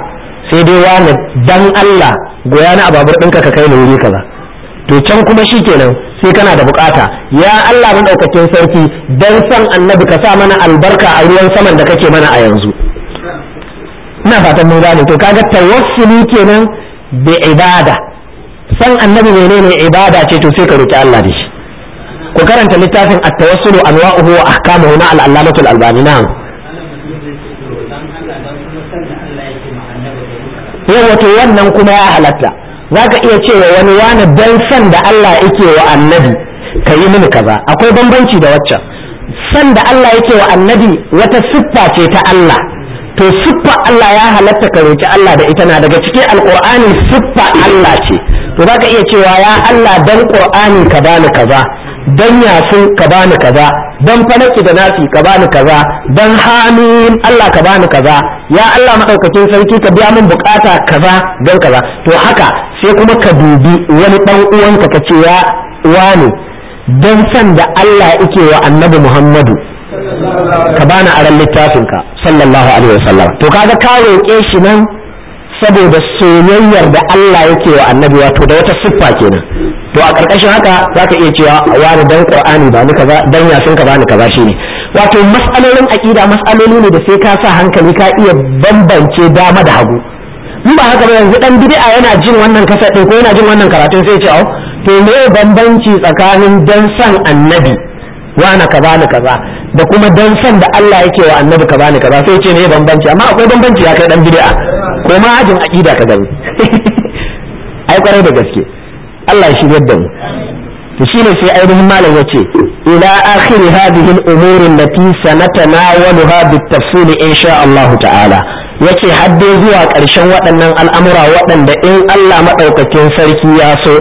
sai dai wani dan Allah goya na a babur ɗinka ka kai ni wuri ba to can kuma shikenan sai kana da bukata ya Allah madaukakin sarki dan san annabi ka sa mana albarka a ruwan saman da kake mana a yanzu ina fatan mun gane to kaga tawassuli kenan bi ibada san annabi menene ibada ce to sai ka roki Allah da shi ku karanta littafin at-tawassulu anwa'uhu wa ahkamuhu na al-allamatu al-albani na'am yawa to wannan kuma ya halatta za ka iya cewa wani wani don san da Allah yake wa annabi ka yi mini kaza akwai bambanci da waccan san da Allah yake wa annabi wata siffa ce ta Allah to siffa Allah ya halatta ka roki Allah da ita na daga cikin alqur'ani siffa Allah ce to za ka iya cewa ya Allah dan ƙur'ani ka bani kaza dan yasin ka bani kaza dan falaki da nasi ka bani kaza dan hamim Allah ka bani kaza ya Allah madaukakin sarki ka biya min bukata kaza dan kaza to haka sai kuma ka dubi wani dan uwanka ka ce ya wani dan san da Allah yake wa annabi Muhammadu ka bani aran littafin ka sallallahu alaihi wasallam to kaga ka roƙe shi nan saboda soyayyar da Allah yake wa annabi wato da wata siffa kenan to a karkashin haka za ka iya cewa wani dan qur'ani ba ni kaza dan yasin ka ba ni kaza shine wato mas'alolin aƙida mas'aloli ne da sai ka sa hankali ka iya bambance dama da hagu in ba haka ba yanzu dan bid'a yana jin wannan kasa ko yana jin wannan karatun sai ya ce oh, to me bambanci tsakanin dan san annabi wani kaza ni kaza da kuma dan san da Allah yake wa annabi kaza ni kaza sai ya ce ne bambanci amma akwai bambanci ya kai dan bid'a ko ma ajin aqida ka gani ai kwarai da gaske Allah ya shigar da mu to shine sai ainihin malam yace ila akhir hadhihi al-umur allati sanatanawaluha bit-tafsil insha Allah ta'ala yace har dai zuwa ƙarshen waɗannan al'amura waɗanda in Allah madaukakin sarki ya so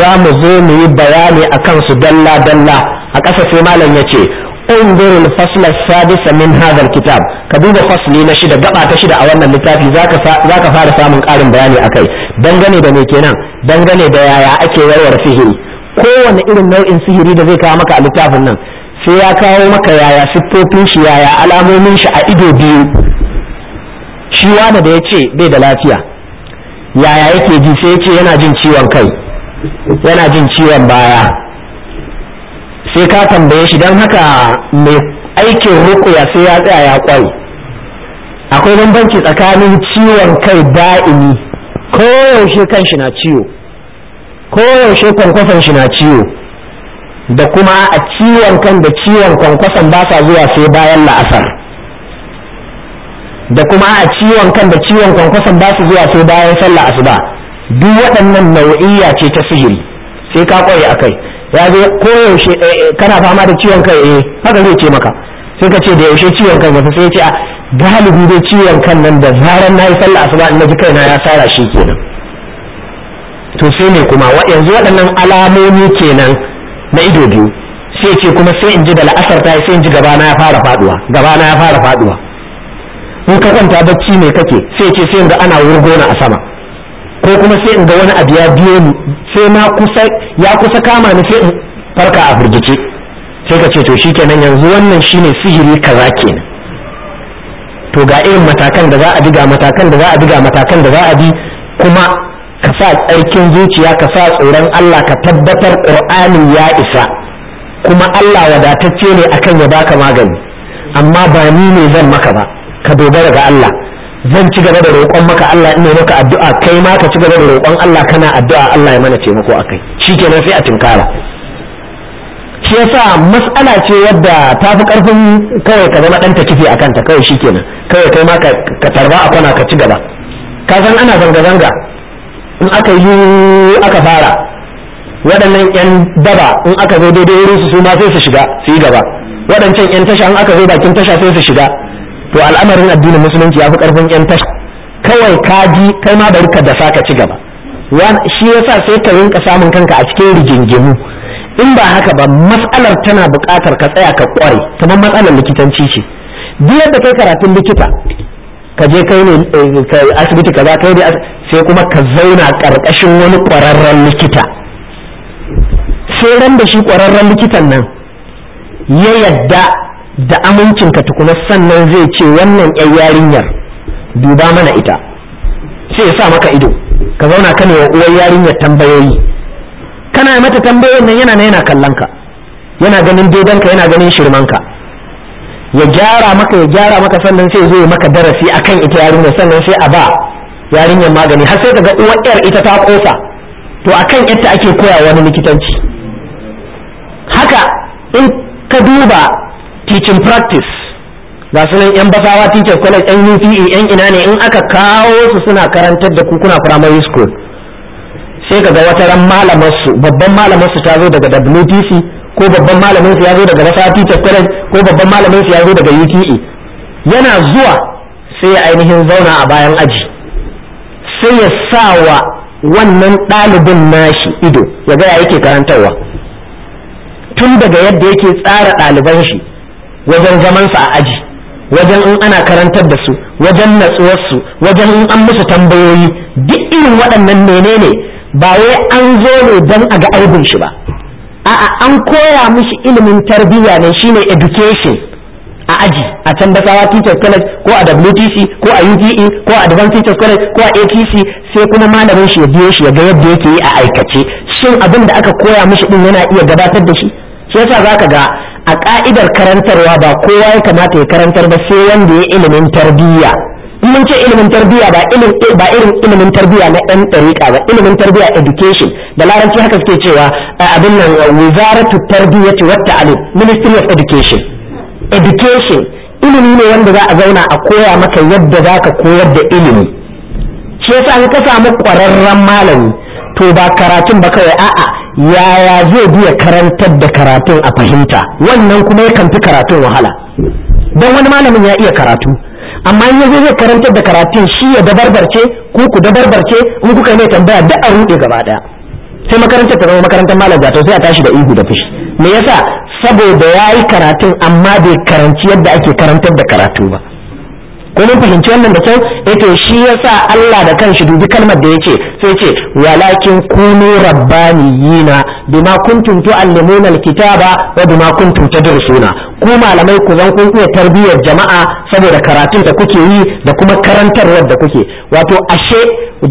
za mu zo mu yi bayani akan su dalla dalla a ƙasa sai malam yace انظر الفصل السادس من هذا الكتاب كدوب فصلي نشد gaba ta shida a wannan littafi zaka zaka fara samun ƙarin bayani kai. dangane da me kenan dangane da yaya ake warware sihiri kowane irin nau'in sihiri da zai kawo maka a littafin nan sai ya kawo maka yaya siffofin shi yaya alamomin shi a ido biyu shi wani da ya ce bai da lafiya yaya yake ji sai ya ce yana jin ciwon kai yana jin ciwon baya sai ka tambaye shi don haka mai aikin rukuya sai ya tsaya ya kwai akwai bambanci tsakanin ciwon kai da'imi koyaushe kan shi na ciwo koyaushe kwankwasan shi na ciwo da kuma a ciwon kan da ciwon kwankwasan ba sa zuwa sai bayan la'asar da kuma a ciwon kan da ciwon kwankwasan ba su zuwa sai bayan sallah asuba duk waɗannan nau'iyya ce ta sihiri sai ka kware a kai ya zo koyaushe eh, eh, kana fama da ciwon kai eh haka zai ce maka suka ce da yaushe ciwon kan gaba sai ce a galibi zai ciwon kan nan da zaran na yi sallah asuba in ji kaina ya fara shi kenan to sai ne kuma yanzu waɗannan alamomi kenan na ido biyu sai ce kuma sai in ji da la'asar ta sai in ji gaba ya faduwa ya fara faduwa in ka kwanta bacci ne kake sai ce sai in ga ana wurgona a sama ko kuma sai in ga wani abu ya biyo ni sai na kusa ya kusa kama ni sai in farka a firgice sai ka ce to shikenan yanzu wannan shine sihiri kaza kenan to ga irin matakan da za a diga matakan da za a diga matakan da za a bi kuma ka sa tsarkin zuciya ka sa tsoron Allah ka tabbatar Qur'anin ya isa kuma Allah wadatacce ne akan ya baka magani amma ba ni ne zan maka ba ka dogara ga Allah zan ci gaba da roƙon maka Allah ne maka addu'a kai ma ka ci gaba da roƙon Allah kana addu'a Allah ya mana taimako akai shikenan sai a tinkara shi yasa mas'ala ce yadda ta fi karfin kawai ka zama ɗan kifi a kanta kawai shi kenan kawai kai ma ka tarba a kwana ka ci gaba ka san ana zanga-zanga in aka yi aka fara waɗannan 'yan daba in aka zo daidai wurin su ma sai su shiga su yi gaba waɗancan 'yan tasha in aka zo bakin tasha sai su shiga to al'amarin addinin musulunci ya fi karfin 'yan tasha kawai ka ji kai ma bari ka dasa ka ci gaba shi yasa sai ka rinka samun kanka a cikin rigingimu in ba haka ba matsalar tana buƙatar ka tsaya ka kware kamar matsalar likitanci ce biyar da kai karatun likita ka je kai ne eh, asibiti kaza kai ne sai kuma ka zauna karkashin wani kwararren likita sai ran da shi kwararren likitan nan ya yadda da amincin ka tukuna sannan zai ce wannan 'yar yarinyar duba mana ita sai ya sa maka ido ka zauna ka ne wa uwar yarinyar tambayoyi kana mata tambayoyin nan yana na yana kallon ka yana ganin ka yana ganin ka ya gyara maka ya gyara maka sannan sai zo ya maka darasi akan ita yarinya sannan sai a ba yarinyar magani har sai ka ga uwar yar ita ta kosa to akan yadda ake koya wani likitanci haka in ka duba teaching practice ga sunan yan basawa teacher college yan UPE yan ina ne in aka kawo su suna karantar da ku kuna primary school sai ga wata ran malamar su babban malamar su ta zo daga WTC ko babban malamin su ya zo daga Rasa Teacher College ko babban malamin su ya zo daga UTE yana zuwa sai ya ainihin zauna a bayan aji sai ya sa wa wannan ɗalibin nashi ido ya ga yake karantarwa tun daga yadda yake tsara ɗaliban shi wajen zamansa a aji wajen in ana karantar da su wajen natsuwarsu wajen in an musu tambayoyi duk irin waɗannan menene ba ya an zo ne don a ga aibin shi ba a'a an koya mishi ilimin tarbiyya ne shine education a aji a can basawa teachers college ko a WTC ko a UTE ko a advanced teachers college ko a ATC sai kuma malamin shi ya biyo shi ya ga yadda yake yi a aikace shin abin da aka koya mishi din yana iya gabatar da shi shi yasa zaka ga a ka'idar karantarwa ba kowa ya kamata ya karantar ba sai wanda ya ilimin tarbiyya mun ce ilimin tarbiyya ba ilimin ba irin ilimin tarbiyya na ɗan ɗariƙa ba ilimin tarbiyya education da larabci haka suke cewa a abin nan wizaratu ce wata ta'lim ministry of education education ilimi ne wanda za a zauna a koya maka yadda za ka koyar da ilimi shi yasa ka samu ƙwararren malami to ba karatun ba kawai a'a yaya zai biya karantar da karatun a fahimta wannan kuma yakan fi karatun wahala don wani malamin ya iya karatu amma in yazo zai karantar da karatun shi ya dabarbarce ko ku dabarbarce in kuka yi mai tambaya duk a ruɗe gaba daya sai makarantar ta zama makarantar malam zato sai a tashi da ihu da fushi me yasa saboda yayi karatun amma bai karanci yadda ake karantar da karatu ba ko mun fahimci wannan da kyau yace eh shi yasa Allah da kanshi dubi kalmar da yace sai yace walakin kunu rabbaniyina bima kuntum tuallimuna alkitaba wa bima kuntum tadrusuna ku malamai ku zan kun iya tarbiyyar jama'a saboda karatun da kuke yi da kuma karantarwar da kuke wato ashe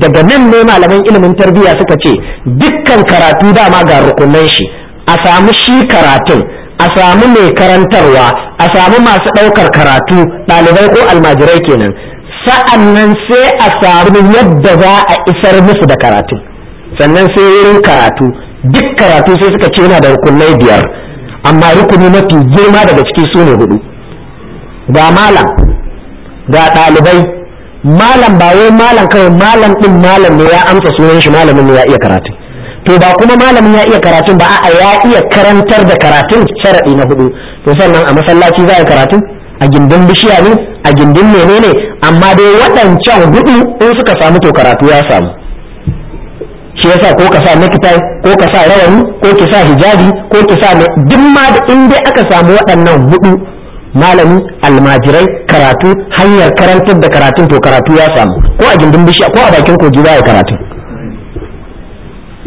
daga nan ne malaman ilimin tarbiyya suka ce dukkan karatu dama ga rukunan shi a samu shi karatun a samu mai karantarwa a samu masu ɗaukar karatu ɗalibai ko almajirai kenan sa'an nan sai a samu yadda za a isar musu da karatu sannan sai wurin karatu duk karatu sai suka ce yana da rukunai biyar amma rukuni mafi girma daga ciki su ne hudu ga malam ga ɗalibai malam ba wai malam kawai malam ɗin malam ne ya amsa sunan shi malamin ne ya iya karatu to ba kuma malamin ya iya karatun ba a ya iya karantar da karatun sharaɗi na hudu to sannan a masallaci za a karatu a gindin bishiya ne a gindin menene amma dai waɗancan hudu in suka samu to karatu ya samu shi yasa ko ka sa necktie ko ka sa rawani ko ki sa hijabi ko ki sa duk ma in dai aka samu waɗannan hudu malami almajirai karatu hanyar karantar da karatun to karatu ya samu ko a gindin bishiya ko a bakin kogi za a karatu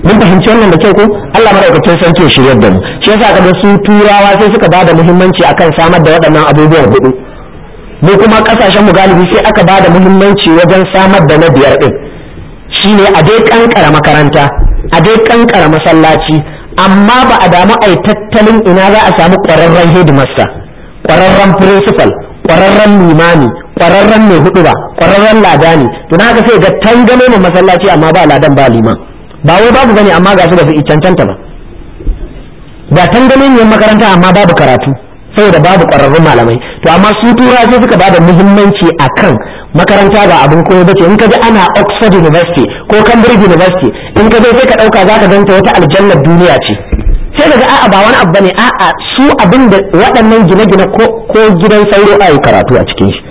mun fahimci wannan da kyau ko Allah madaukakin sarki ya shiryar da mu shi yasa kaga su turawa sai suka bada muhimmanci akan samar da waɗannan abubuwan hudu mu kuma kasashen mu galibi sai aka bada muhimmanci wajen samar da na biyar din shine a dai kankara makaranta a dai kankara masallaci amma ba a damu ai tattalin ina za a samu kwararren headmaster ƙwararren principal ƙwararren limami ƙwararren mai hudu ba lada ladani to na ga sai ga tangane mu masallaci amma ba ladan ba liman ba wai babu bane amma ga su da cancanta ba tangalin yin makaranta amma babu karatu saboda babu ƙwararrun malamai to amma su tura sai suka bada muhimmanci akan makaranta ga abin koyo bace in ka ji ana Oxford University ko Cambridge University in ka je sai ka ɗauka dauka zaka ganta wata aljannar duniya ce sai daga a'a ba wani abu bane a'a su abin da waɗannan gine-gine ko gidan sauro a karatu a cikin shi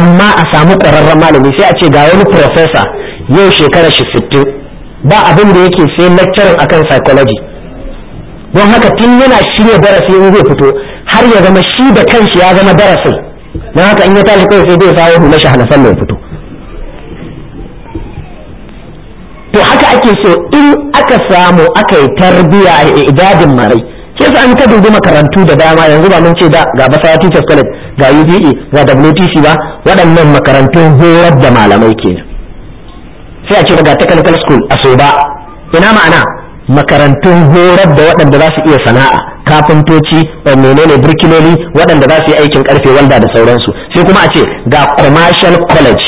amma a samu ƙwararren malami sai a ce ga wani professor yau shekara shi sittin. ba abin da yake sai lecturer akan psychology don haka tun yana shirya darasi in zai fito har ya zama shi da kanshi ya zama darasi don haka in ya tashi kai sai zai sawo hula shi halafan ya fito to haka ake so in aka samu aka yi tarbiya a idadin marai sai su an ka dubi makarantu da dama yanzu ba mun ce da ga basa teachers college ga UBE ga WTC ba waɗannan makarantun horar da malamai kenan sai a ce daga technical school a so ba ina ma'ana makarantun horar da waɗanda za su iya sana'a kafintoci menene burkinoli waɗanda za su yi aikin karfe walda da sauransu sai kuma a ce ga commercial college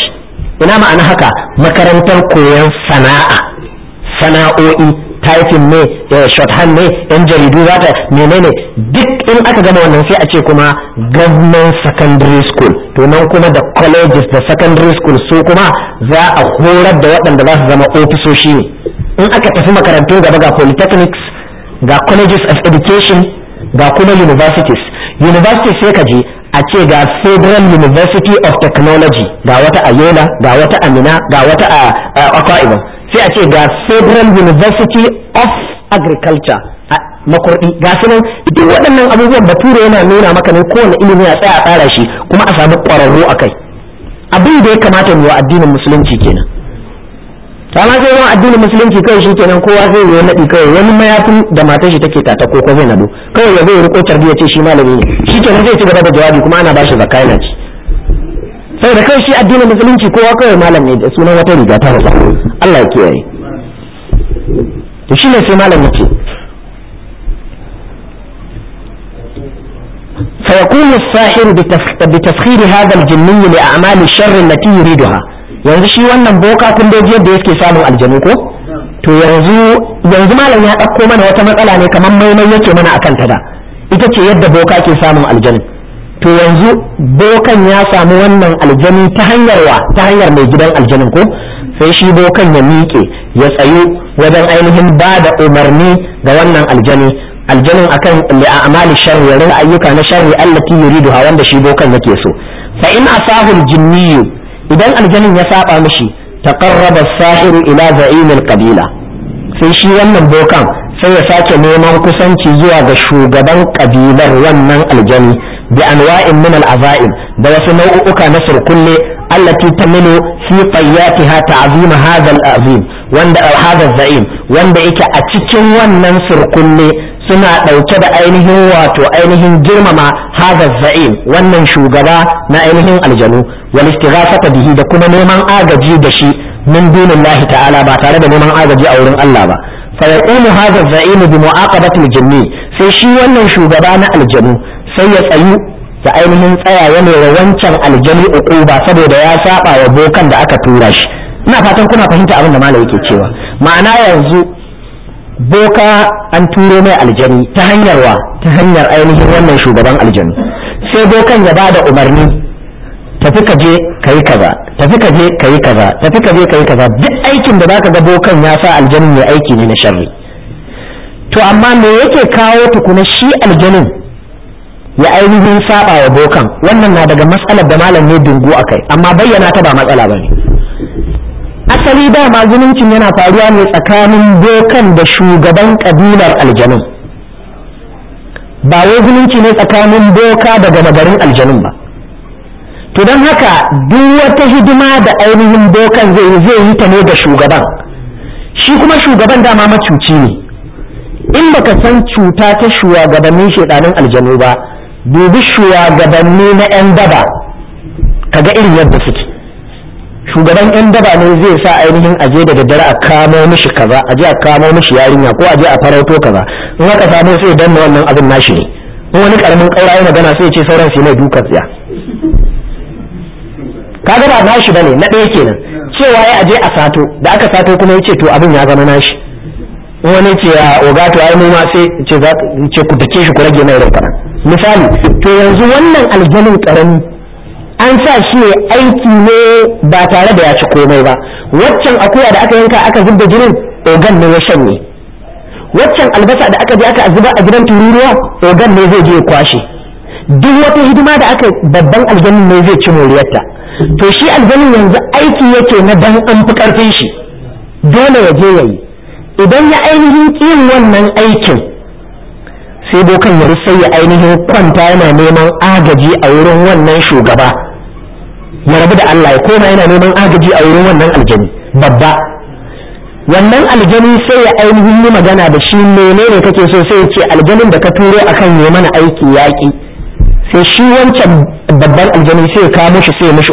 ina ma'ana haka makarantar koyon sana'a sana'o'i typing ne shorthand ne yan jaridu za ta menene duk in aka gama wannan sai a ce kuma government secondary school to nan kuma da colleges da secondary school su kuma za a horar da waɗanda za su zama ofisoshi ne in aka tafi makarantun gaba ga polytechnics ga colleges of education ga kuma universities universities sai ka je a ce ga federal university of technology ga wata a yola ga wata a mina ga wata a akwa'ibon sai a ce ga federal university of agriculture a makurdi ga su nan duk waɗannan abubuwan bature yana nuna maka ne kowane ilimi a tsaya a tsara shi kuma a samu ƙwararru a kai abin da ya kamata mu addinin musulunci kenan ta ma sai wani addinin musulunci kawai shi kenan kowa zai yi naɗi kawai wani mayafin da matar shi take tata ko zai naɗo kawai ya zai riko carbi ya ce shi malami ne shi kenan zai ci gaba da jawabi kuma ana bashi zakka yana ci da kai shi addinin musulunci kowa kawai malam ne da sunan wata riga ta rasa Allah ya kiyaye to shi ne sai malam yace فيقول الساحر بتسخير هذا الجني لأعمال الشر التي يريدها yanzu shi wannan boka kun dai yadda yake samun aljanu ko to yanzu yanzu malam ya ɗauko mana wata matsala ne kamar maimai yake mana akan ta da ita ce yadda boka ke samun aljanu to yanzu bokan ya samu wannan aljanu ta hanyar wa ta hanyar mai gidan aljanin ko sai shi bokan ya miƙe ya tsayu wajen ainihin ba da umarni ga wannan aljani aljanin akan li'amali sharri ya rinka ayyuka na sharri allati yuridu ha wanda shi bokan yake so fa in asahu aljinniyu idan aljanin ya saba mishi taqarraba as-sahiru ila za'im al sai shi wannan bokan sai ya sake neman kusanci zuwa ga shugaban kabilar wannan aljani bi anwa'in min al-azaim da wasu nau'uka na surkulle allati tamilu fi qayyatiha ta'zim hadha al-azim wanda hadha zaim wanda yake a cikin wannan surkulle suna ɗauke da ainihin wato ainihin girmama hadha zaim wannan shugaba na ainihin aljanu wal istighasata bihi da kuma neman agaji da shi min dunillahi ta'ala ba tare da neman agaji a wurin Allah ba fa yaqumu hadha zaim bi mu'aqabati al-jinni sai shi wannan shugaba na aljanu sai ya tsayu da ainihin tsaya ya nera wancan aljani ba saboda ya saba wa bokan da aka tura shi ina fatan kuna fahimta abin da ke yake cewa ma'ana yanzu boka an turo mai aljani ta hanyar wa ta hanyar ainihin wannan shugaban aljani sai bokan ya bada umarni tafi ka je kayi kaza tafi ka je kayi kaza tafi ka je kayi kaza duk aikin da zaka ga bokan ya sa aljani ne aiki ne na sharri to amma me yake kawo tukuna shi aljanin ya ainihin saba wa bokan wannan na daga matsalar da malam ne dungu a kai amma bayyana ta ba matsala ba ne asali dama zumuncin yana faruwa ne tsakanin bokan da shugaban kabilar aljanun ba wai zumunci ne tsakanin boka daga magarin aljanun ba to don haka duk wata hidima da ainihin bokan zai zai yi ta ne da shugaban shi kuma shugaban dama macuci ne in baka san cuta ta shugabannin shedanin aljanu ba dubi shugabanni na 'yan daba kaga irin yadda suke shugaban 'yan daba ne zai sa ainihin aje da daddare a kamo mishi kaza aje a kamo mishi yarinya ko aje a farauto kaza in aka samu sai dan wannan abin nashi ne in wani karamin kaura ya magana sai ce sauran su mai dukar tsiya kaga ba nashi bane na ɗaya kenan cewa ya aje a sato da aka sato kuma ya ce to abin ya zama nashi wani ce ya ogato ai ma sai ce ku dake shi ku rage mai rufara misali to yanzu wannan aljanin karami an sa shi ne aiki ne ba tare da ya ci komai ba waccan akuya da aka yanka aka zubda jinin ogan ne ya shanye waccan albasa da aka je aka zuba a gidan tururuwa ogan ne zai je ya kwashe duk wata hidima da aka babban aljanin ne zai ci moriyarta to shi aljanin yanzu aiki yake na dan an fi karfin shi dole ya je yayi idan ya ainihin kin wannan aikin sai bokan ya rufe ya ainihin kwanta yana neman agaji a wurin wannan shugaba ya rabu da Allah ya koma yana neman agaji a wurin wannan aljani babba wannan aljani sai ya ainihin yi magana da shi menene kake so sai ya ce aljanin da ka turo akan ya mana aiki yaƙi sai shi wancan babban aljani sai ya kawo sai ya mishi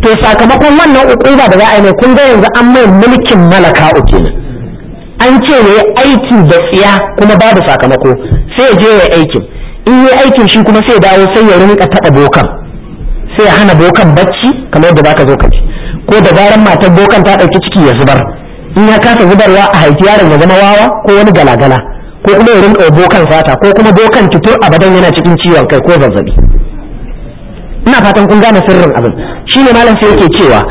to sakamakon wannan ukuba da za a yi ne kun ga yanzu an mai mulkin malaka uku an ce ya aiki da tsiya kuma babu sakamako sai ya je ya aikin in yi aikin shi kuma sai ya dawo sai ya rinka taɓa bokan sai ya hana bokan bacci kamar yadda baka zo ka ko da zaran matar bokan ta ɗauki ciki ya zubar in ya kasa zubarwa a haifi yaron ya zama wawa ko wani galagala ko kuma ya rinka bokan fata ko kuma bokan cutur abadan yana cikin ciwon kai ko zazzabi ina fatan kun gane sirrin abin shine malam sai yake cewa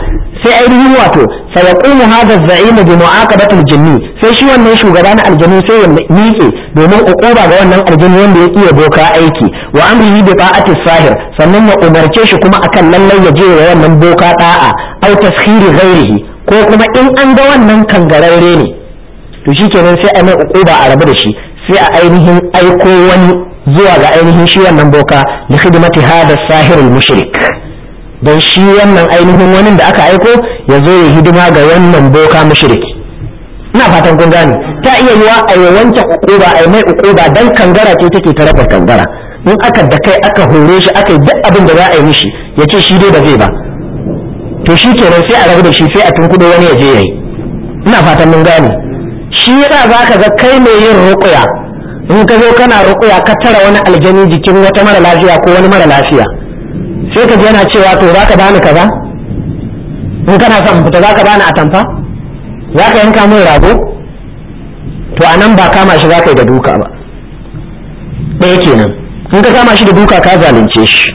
sai ainihin wato fa yaqumu hadha az-za'im bi mu'aqabati al-jinni sai shi wannan shugaba na aljanu sai ya miƙe domin ukuba ga wannan aljanu wanda ya iya boka aiki wa amrihi bi ta'ati sahir sannan ya umarce shi kuma akan lallai ya je wa wannan boka da'a au taskhiri ghairihi ko kuma in an ga wannan kangararre ne to shikenan sai a mai ukuba a rabu da shi sai a ainihin aiko wani zuwa ga ainihin shi wannan boka li khidmati hadha as-sahir al-mushrik don shi wannan ainihin wani da aka aiko ya zo ya hidima ga wannan boka mashiriki ina fatan kun gane ta iya yiwa a yi wancan ukuba a yi mai ukuba don kangara ce take ta raba kangara in aka da kai aka hore shi aka yi duk abin da za a yi mishi ya ce shi dai ba zai ba to shi kenan sai a rabu da shi sai a tunkudo wani ya je ya yi ina fatan mun gane shi ya za ka ga kai mai yin ruƙuya in ka zo kana ruƙuya ka tara wani aljani jikin wata mara lafiya ko wani mara lafiya sai ka yana cewa to za ka bani kaza in kana son fita za ka bani atamfa za ka yanka min rago to a nan ba kama shi za ka yi da duka ba ɗaya kenan in ka kama shi da duka ka zalunce shi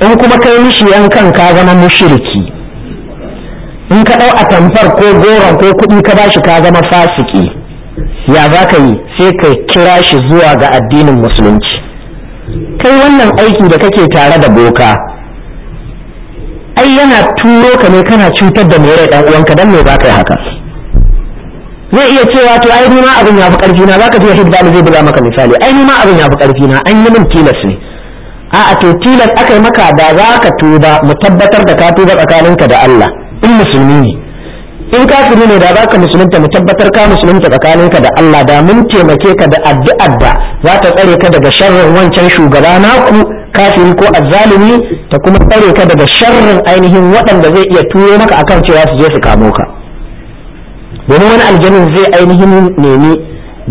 in kuma kai mishi yankan ka zama mushiriki in ka ɗau atamfar ko goron ko kuɗi ka ba shi ka zama fasiki ya za ka yi sai ka kira shi zuwa ga addinin musulunci kai wannan aiki da kake tare da boka ai yana turo ka ne kana cutar da mai rai dan uwanka dan me ba kai haka zai iya cewa to ai ma abin ya fi karfi na zaka je hidbal zai buga maka misali ai ma abin ya fi karfi na an yi min tilas ne a'a to tilas akai maka da zaka ka tuba mu tabbatar da ka tuba tsakaninka da Allah in musulmi ne in kafiri ne da za ka musulunta mu tabbatar ka musulunta tsakaninka da Allah da mun taimake ka da addu'ar da za ta tsare ka daga sharrin wancan shugaba naku kafiri ko azzalumi ta kuma tsare ka daga sharrin ainihin waɗanda zai iya turo maka akan cewa su je su kamo ka domin wani aljanin zai ainihin nemi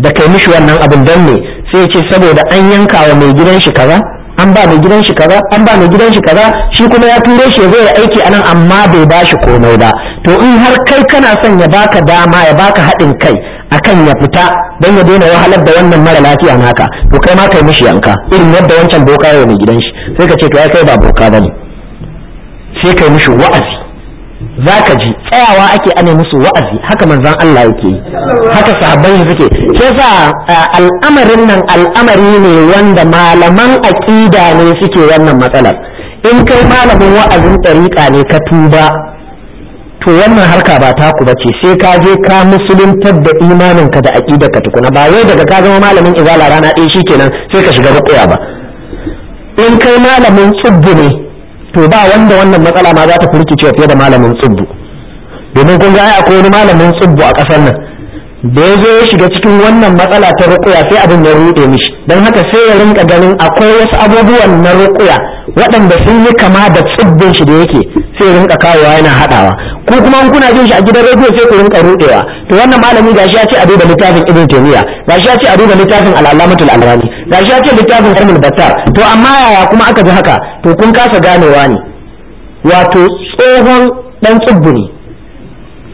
da kai mishi wannan abin don ne sai ce saboda an yanka wa mai gidan shi kaza an ba mai gidan shi kaza an ba mai gidan shi kaza shi kuma ya ture shi zai yi aiki anan amma bai ba shi komai ba to in har kai kana son ya baka dama ya baka haɗin kai akan ya fita don ya daina wahalar da wannan mara lafiya naka to kai ma kai mishi yanka irin yadda wancan boka ya mai gidan shi sai ka ce to ya kai ba boka bane sai kai mishi wa'azi za ka ji tsayawa ake ana musu wa'azi haka manzan Allah yake yi haka sahabbai suke ke sa al'amarin nan al'amari ne wanda malaman aƙida ne suke wannan matsalar in kai malamin wa'azin tsarika ne ka tuba to wannan harka ba taku ba ce sai ka je ka musuluntar da imanin ka da ka tukuna ba yau daga ka zama malamin izala rana ɗaya shikenan sai ka shiga rukuya ba in kai malamin tsubbu ne to ba wanda wannan matsala ma za ta cewa fiye da malamin tsubbu domin kun ga ai akwai wani malamin tsubbu a kasar nan da ya zo ya shiga cikin wannan matsala ta rukuya sai abin ya ruɗe mishi don haka sai ya rinka ganin akwai wasu abubuwan na rukuya waɗanda sun yi kama da tsibbin shi da yake sai rinka kawowa yana hadawa ko kuma in kuna jin shi a gidan rediyo sai ku rinka rudewa to wannan malami gashi ya ce a duba littafin ibn taymiya gashi ya ce a duba littafin al-allamatul albani gashi ya ce littafin ibn battar to amma yaya kuma aka ji haka to kun kasa ganewa ne wato tsohon dan tsibbi ne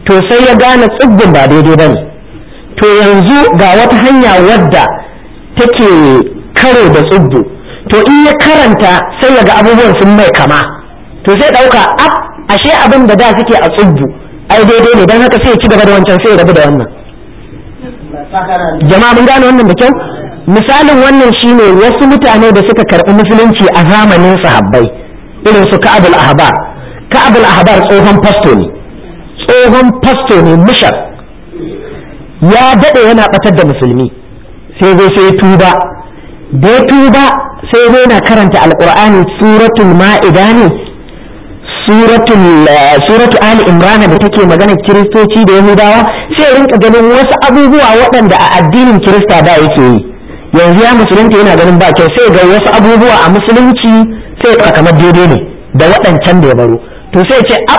to sai ya gane tsibbin ba daidai bane to yanzu ga wata hanya wadda take kare da tsibbi to in ya karanta sai ya ga abubuwan sun mai kama to sai ɗauka ab ashe abin da da suke a tsubbu ai daidai ne dan haka sai ya ci gaba da wancan sai ya rabu da wannan jama'a mun gane wannan da kyau misalin wannan shine wasu mutane da suka karɓi musulunci a zamanin sahabbai irin su ka'abul ahbar ka'abul ahbar tsohon fasto ne tsohon fasto ne mushar ya daɗe yana batar da musulmi sai zai sai tuba da tuba sai zai na karanta alƙur'ani suratul ma'ida ne suratu eh, ali imrana da take magana kiristoci da yahudawa sai rinka ganin wasu abubuwa waɗanda a addinin kirista da yake yi yanzu ya musulunta yana ganin ba kyau sai ga wasu abubuwa a musulunci sai ka kamar daidai ne da waɗancan da ya baro to sai ce a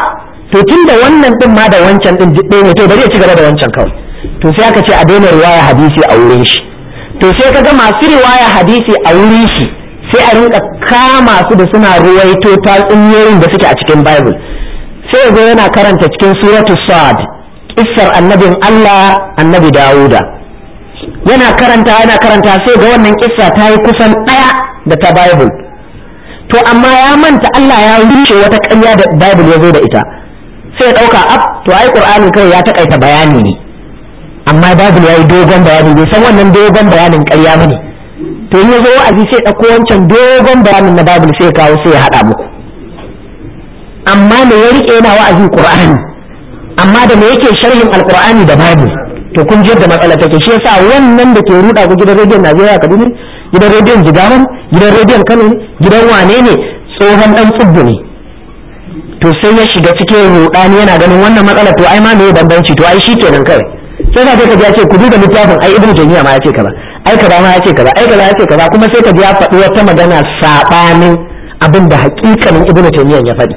to tun da wannan din ma da wancan din duk ɗaya ne to bari ya ci gaba da wancan kawai to sai aka ce a daina riwaya hadisi a wurin shi to sai ka ga masu riwaya hadisi a wurin shi sai a rinka kama su da suna ruwaito tatsuniyoyin da suke a cikin bible sai zo yana karanta cikin suratu sa'ad kissar annabin Allah annabi Dawuda yana karanta yana karanta sai ga wannan kissa ta yi kusan ɗaya da ta bible to amma ya manta Allah ya rushe wata ƙarya da bible ya zo da ita sai ya ɗauka ab to ai qur'ani kai ya takaita bayani ne amma bible ya yi dogon bayani bai san wannan dogon bayanin ƙarya ba ne to ya zo wa'azi sai ɗauko wancan dogon bayanin na babu sai kawo sai ya haɗa muku amma me ya riƙe yana wa'azi qur'ani amma da me yake sharhin alqur'ani da babu to kun ji da matsala take shi yasa wannan da ke ruɗa ku gidan rediyon Najeriya Kaduna gidan rediyon Jigawan gidan rediyon Kano gidan wane ne tsohon dan tsubbu ne to sai ya shiga cikin ruɗani yana ganin wannan matsala to ai ma me bambanci to ai shi kenan kai sai ka je ka ce ku duba littafin ai ibnu jami'a ma ya ce kaza Aika ma ya kaza ai kaza kaza kuma sai ka ji ya faɗi wata magana saɓanin abin da hakikanin Ibn taymiyyah ya faɗi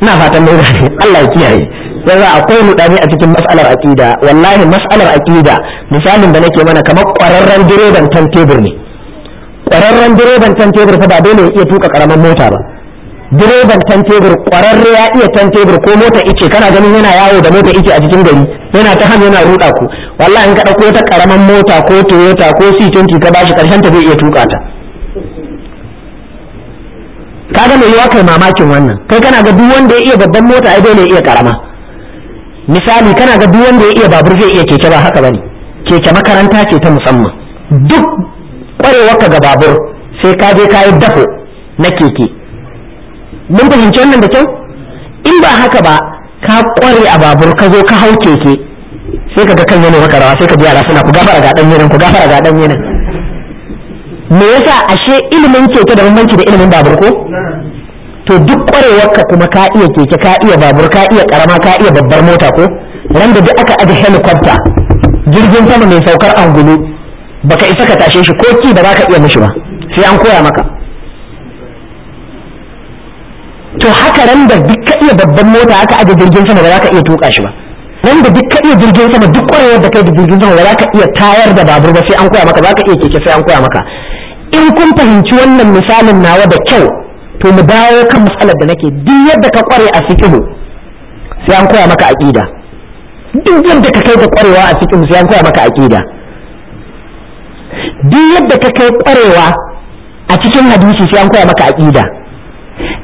ina fatan mai gane Allah ya kiyaye yanzu akwai mudani a cikin mas'alar aqida wallahi mas'alar aƙida misalin da nake mana kamar ƙwararren direban tan tebur ne ƙwararren direban tan tebur fa ba dole ya iya tuka karaman mota ba direban tan tebur kwararre ya iya tan tebur ko mota ice kana ganin yana yawo da mota ice a cikin gari yana ta hannu yana ruda ku wallahi in ka dauko wata karaman mota ko toyota ko c20 ka bashi karshen ta zai iya tuka ta ga mai yawa kai mamakin wannan kai kana ga duk wanda ya iya babban mota ai dole ya iya karama misali kana ga duk wanda ya iya babur zai iya keke ba haka bane keke makaranta ce ta musamman duk kwarewarka ga babur sai ka je ka yi dafo na keke mun fahimci wannan da kyau in ba haka ba ka kware a babur ka zo ka hau keke sai ka ga kan yana maka rawa sai ka ji yara suna ku gafara ga dan yanan ku gafara ga dan yanan me yasa ashe ilimin keke da bambanci da ilimin babur ko to duk kwarewar ka kuma ka iya keke ka iya babur ka iya karama ka iya babbar mota ko ran da duk aka aje helicopter jirgin sama mai saukar angulu baka isa ka tashe shi ko ki da ka iya mishi ba sai an koya maka to haka ran da duk ka iya babban mota haka aje jirgin sama ba za ka iya tuka shi ba ran da duk ka iya jirgin sama duk kwarewar da kai da jirgin sama ba za ka iya tayar da babur ba sai an koya maka ba ka iya keke sai an koya maka in kun fahimci wannan misalin nawa da kyau to mu dawo kan matsalar da nake duk yadda ka kware a fiqhu sai an koya maka aqida duk yadda ka kai da kwarewa a fiqhu sai an koya maka aqida duk yadda ka kai kwarewa a cikin hadisi sai an koya maka aqida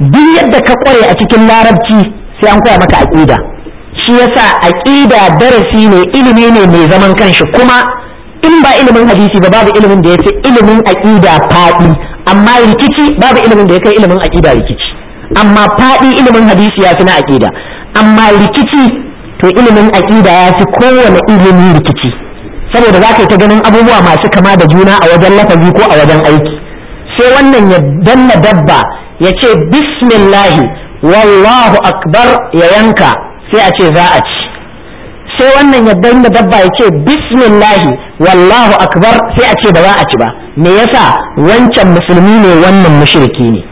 duk yadda ka kware a cikin larabci sai an koya maka aqida shi yasa aqida darasi ne ilimi ne mai zaman kanshi kuma in ba ilimin hadisi ba babu ilimin da yake ilimin aqida fadi amma rikici babu ilimin da ya kai ilimin aqida rikici amma fadi ilimin hadisi ya fi na aqida amma rikici to ilimin aqida ya fi kowane ilimin rikici saboda za yi ta ganin abubuwa masu kama da juna a wajen lafazi ko a wajen aiki sai wannan ya danna dabba ya ce bismillahi wallahu akbar ya yanka sai a ce za a ci sai wannan ya da dabba ya ce bismillahi wallahu akbar sai a ce ba za a ci ba me yasa wancan musulmi ne wannan mushriki ne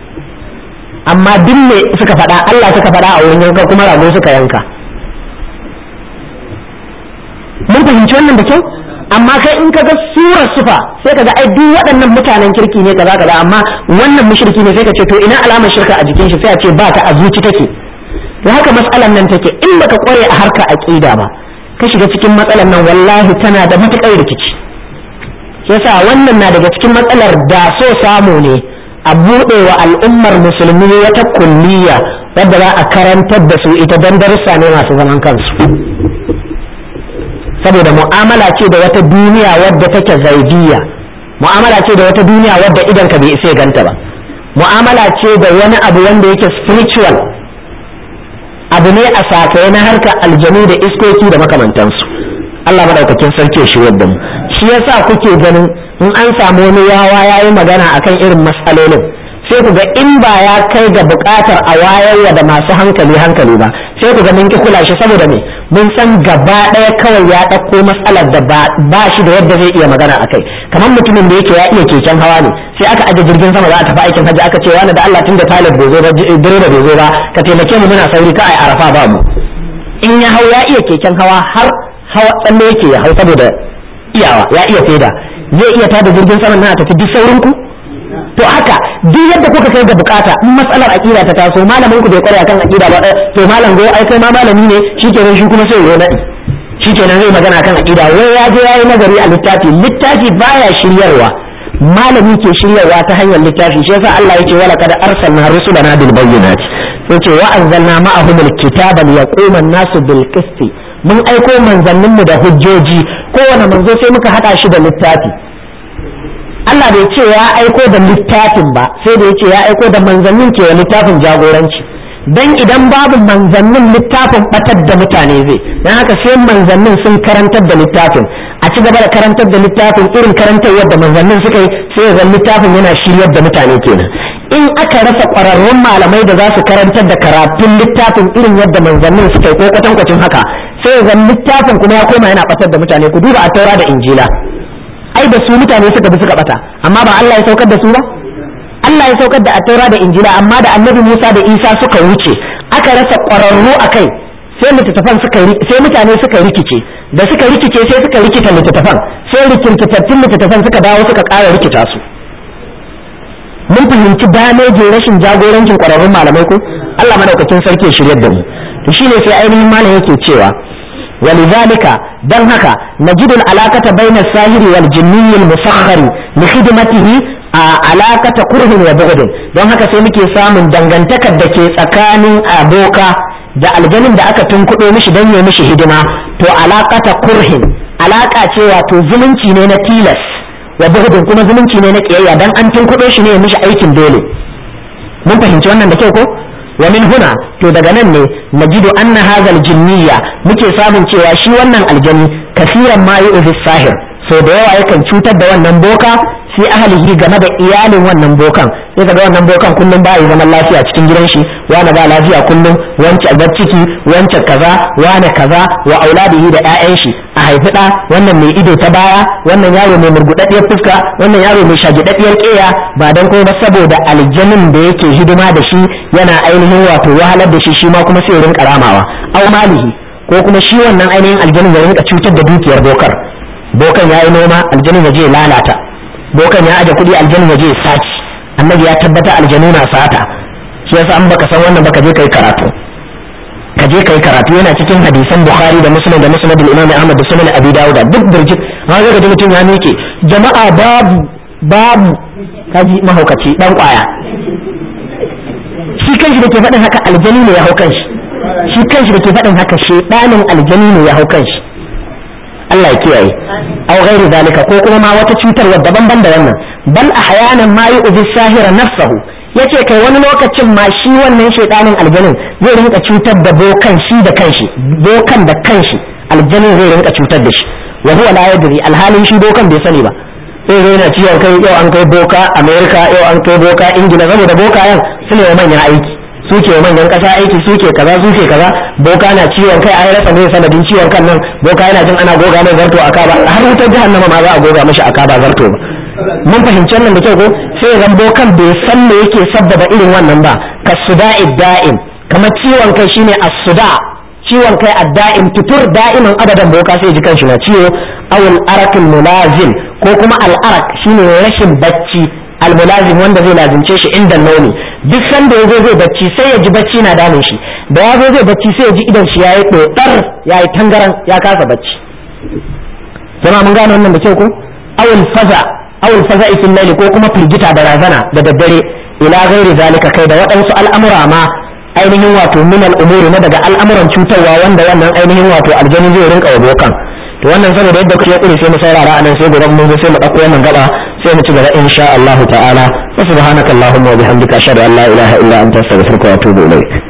amma duk me suka faɗa Allah suka faɗa a wurin yanka kuma rago suka yanka mun fahimci wannan da kyau amma kai in ka ga surar sufa sai ka ai duk waɗannan mutanen kirki ne kaza kaza amma wannan mushriki ne sai ka ce to ina alamar shirka a jikin shi sai a ce ba ta a zuci take to haka matsalan nan take in ba ka kware a harka aqida ba ka shiga cikin matsalan nan wallahi tana da matukar rikici yasa wannan na daga cikin matsalar da so samu ne a buɗe wa al'ummar musulmi wata kulliya wadda za a karantar da su ita don darussa ne masu zaman kansu saboda mu'amala ce da wata duniya wadda take zaidiya. mu'amala ce da wata duniya wadda idan ka bai isa ganta ba mu'amala ce da wani abu wanda yake spiritual abu ne a sakaye na harka aljanu da iskoki da makamantansu Allah madaukakin sarki shi wadda mu shi yasa kuke ganin in an samu wani yawa yayi magana akan irin masalolin? sai ku ga in ba ya kai ga bukatar a wayarwa da masu hankali hankali ba sai ku ga mun kula shi saboda me mun san gaba ɗaya kawai ya ɗauko matsalar da ba shi da yadda zai iya magana a kai kamar mutumin da yake ya iya keken hawa ne sai aka aje jirgin sama za a tafi aikin hajji aka ce wani da Allah tun da bai zo ba direba bai zo ba ka taimake mu muna sauri ka ai arafa ba mu in ya hau ya iya keken hawa har hawa tsalle yake ya hau saboda iyawa ya iya feda zai iya tada jirgin sama na tafi duk saurin ku to haka duk yadda kuka kai ga bukata in matsalar aqida ta taso malamin ku bai kware akan aqida ba eh, to malam go ai kai ma malami ne shikenan shi kuma sai ya shikenan zai magana akan aqida wai ya je yayi nazari a littafi littafi baya shiryarwa malami ke shiryarwa ta hanyar littafi shi yasa Allah yake wala kada arsalna rusulana bil bayyinat yace wa anzalna ma'ahum al liyaquma an-nasu bil mun aiko manzanninmu da hujjoji kowane manzo sai muka hada shi da littafi Allah bai ce ya aiko da littafin ba sai da ya ce ya aiko da manzannin ke littafin jagoranci dan idan babu manzannin littafin batar da mutane zai dan haka sai manzannin sun karantar da littafin a ci gaba da karantar da littafin irin karantar yadda manzannin suka yi sai ya littafin yana shiryar da mutane kenan in aka rasa kwararrun malamai da za su karantar da karatun littafin irin yadda manzannin suka yi ko kwatankwacin haka sai ya littafin kuma ya koma yana batar da mutane ku duba a taura da injila ai da su mutane suka bi suka bata amma ba Allah ya saukar da su ba Allah ya saukar da Attaura da Injila amma da Annabi Musa da Isa suka wuce aka rasa kwararru akai sai littattafan suka sai mutane suka rikice da suka rikice sai suka rikita littattafan sai rikintatattun littattafan suka dawo suka kara rikita su mun fahimci dameje rashin jagorancin ƙwararrun malamai ko Allah madaukakin sarki shiryar da mu to shine sai ainihin malam yake cewa ولذلك دن هكا نجد العلاقة بين الساهر والجني المسخر لخدمته علاقة كره وبغض دن هكا سيمكي سامن دنغنتك دكي سكان أبوكا da aljanin da aka tunkuɗo mishi don ya mishi hidima to alaƙa kurhin alaka ce wato zumunci ne na tilas wa buhudin kuma zumunci ne na ƙiyayya don an tunkuɗo shi ne ya aikin dole mun fahimci wannan da kyau ko wa min huna to daga nan ne najidu anna hadha al-jinniya muke samun cewa shi wannan aljani kasiran ma yu'zi sahir sau da yawa yakan cutar da wannan boka shi ahalihi game da iyalin wannan bokan sai kaga wannan bokan kullum ba yi zaman lafiya cikin gidan shi wani ba lafiya kullum wance bar ciki wance kaza wane kaza wa auladihi da ƴaƴan shi a haifi da wannan mai ido ta baya wannan yaro mai murgudaddiyar fuska wannan yaro mai shagidaddiyar keya ba dan kuma saboda aljanun da yake hidima da shi yana ainihin wato wahalar da shi shi ma kuma sai rinka ramawa au malihi ko kuma shi wannan ainihin aljanin ya rinka cutar da dukiyar bokar bokan ya yi noma aljanin ya je lalata bokan ya aje kuɗi aljanin ya je saci annabi ya tabbata aljanu na sata shi yasa an baka san wannan baka je kai karatu ka je kai karatu yana cikin hadisan bukhari da muslim da musnad al-imam ahmad da sunan abi dawud duk birjit ma ga da mutum ya miƙe jama'a babu babu kaji mahaukaci dan kwaya shi kanshi da ke faɗin haka aljani ne ya hau kanshi shi kanshi da ke faɗin haka shedanin aljani ne ya hau kanshi Allah ya kiyaye aw ghairi zalika ko kuma ma wata cutar wadda banban da wannan bal ahyanan ma yu'zi sahira nafsahu yace kai wani lokacin ma shi wannan shaiɗanin aljanin zai rinka cutar da bokan shi da kanshi bokan da kanshi aljanin zai rinka cutar da shi wa huwa la yadri alhalin shi bokan bai sani ba sai dai yana ciwon kai yau an kai boka america yau an kai boka ingila saboda bokayen su ne manyan aiki su ke manyan kasa aiki su ke kaza su ke kaza boka na ciwon kai an rasa mai sanadin ciwon kan nan boka yana jin ana goga mai zarto a kaba har wutar jahannama ma za a goga mashi a kaba zarto ba mun fahimci nan da kyau ko sai ran bokan bai san me yake sabbaba irin wannan ba kasuda'i da'im kamar ciwon kai shine asuda ciwon kai da'in tutur da'imin abadan boka sai ji kanshi na ciwo awul arakin mulazim ko kuma al'arak shine rashin bacci almulazim wanda zai lazimce shi inda launi duk sanda ya zo zai bacci sai ya ji bacci na damun shi da ya zo zai bacci sai ya ji idan shi ɗoɗar ya yayi tangaran ya kasa bacci jama'a mun gane wannan da kyau ko awul faza awul faza ifin laili ko kuma firgita da razana da daddare ila ghairi zalika kai da waɗansu al'amura ma ainihin wato min al'umuri na daga al'amuran cutarwa wanda wannan ainihin wato aljani zai rinka wabokan to wannan saboda yadda kuke kure sai mu saurara anan sai gobe mun sai mu dauko wannan gaba sai mu ci gaba insha Allah ta'ala subhanakallahumma wa bihamdika ashhadu an la ilaha illa anta astaghfiruka wa atubu ilaik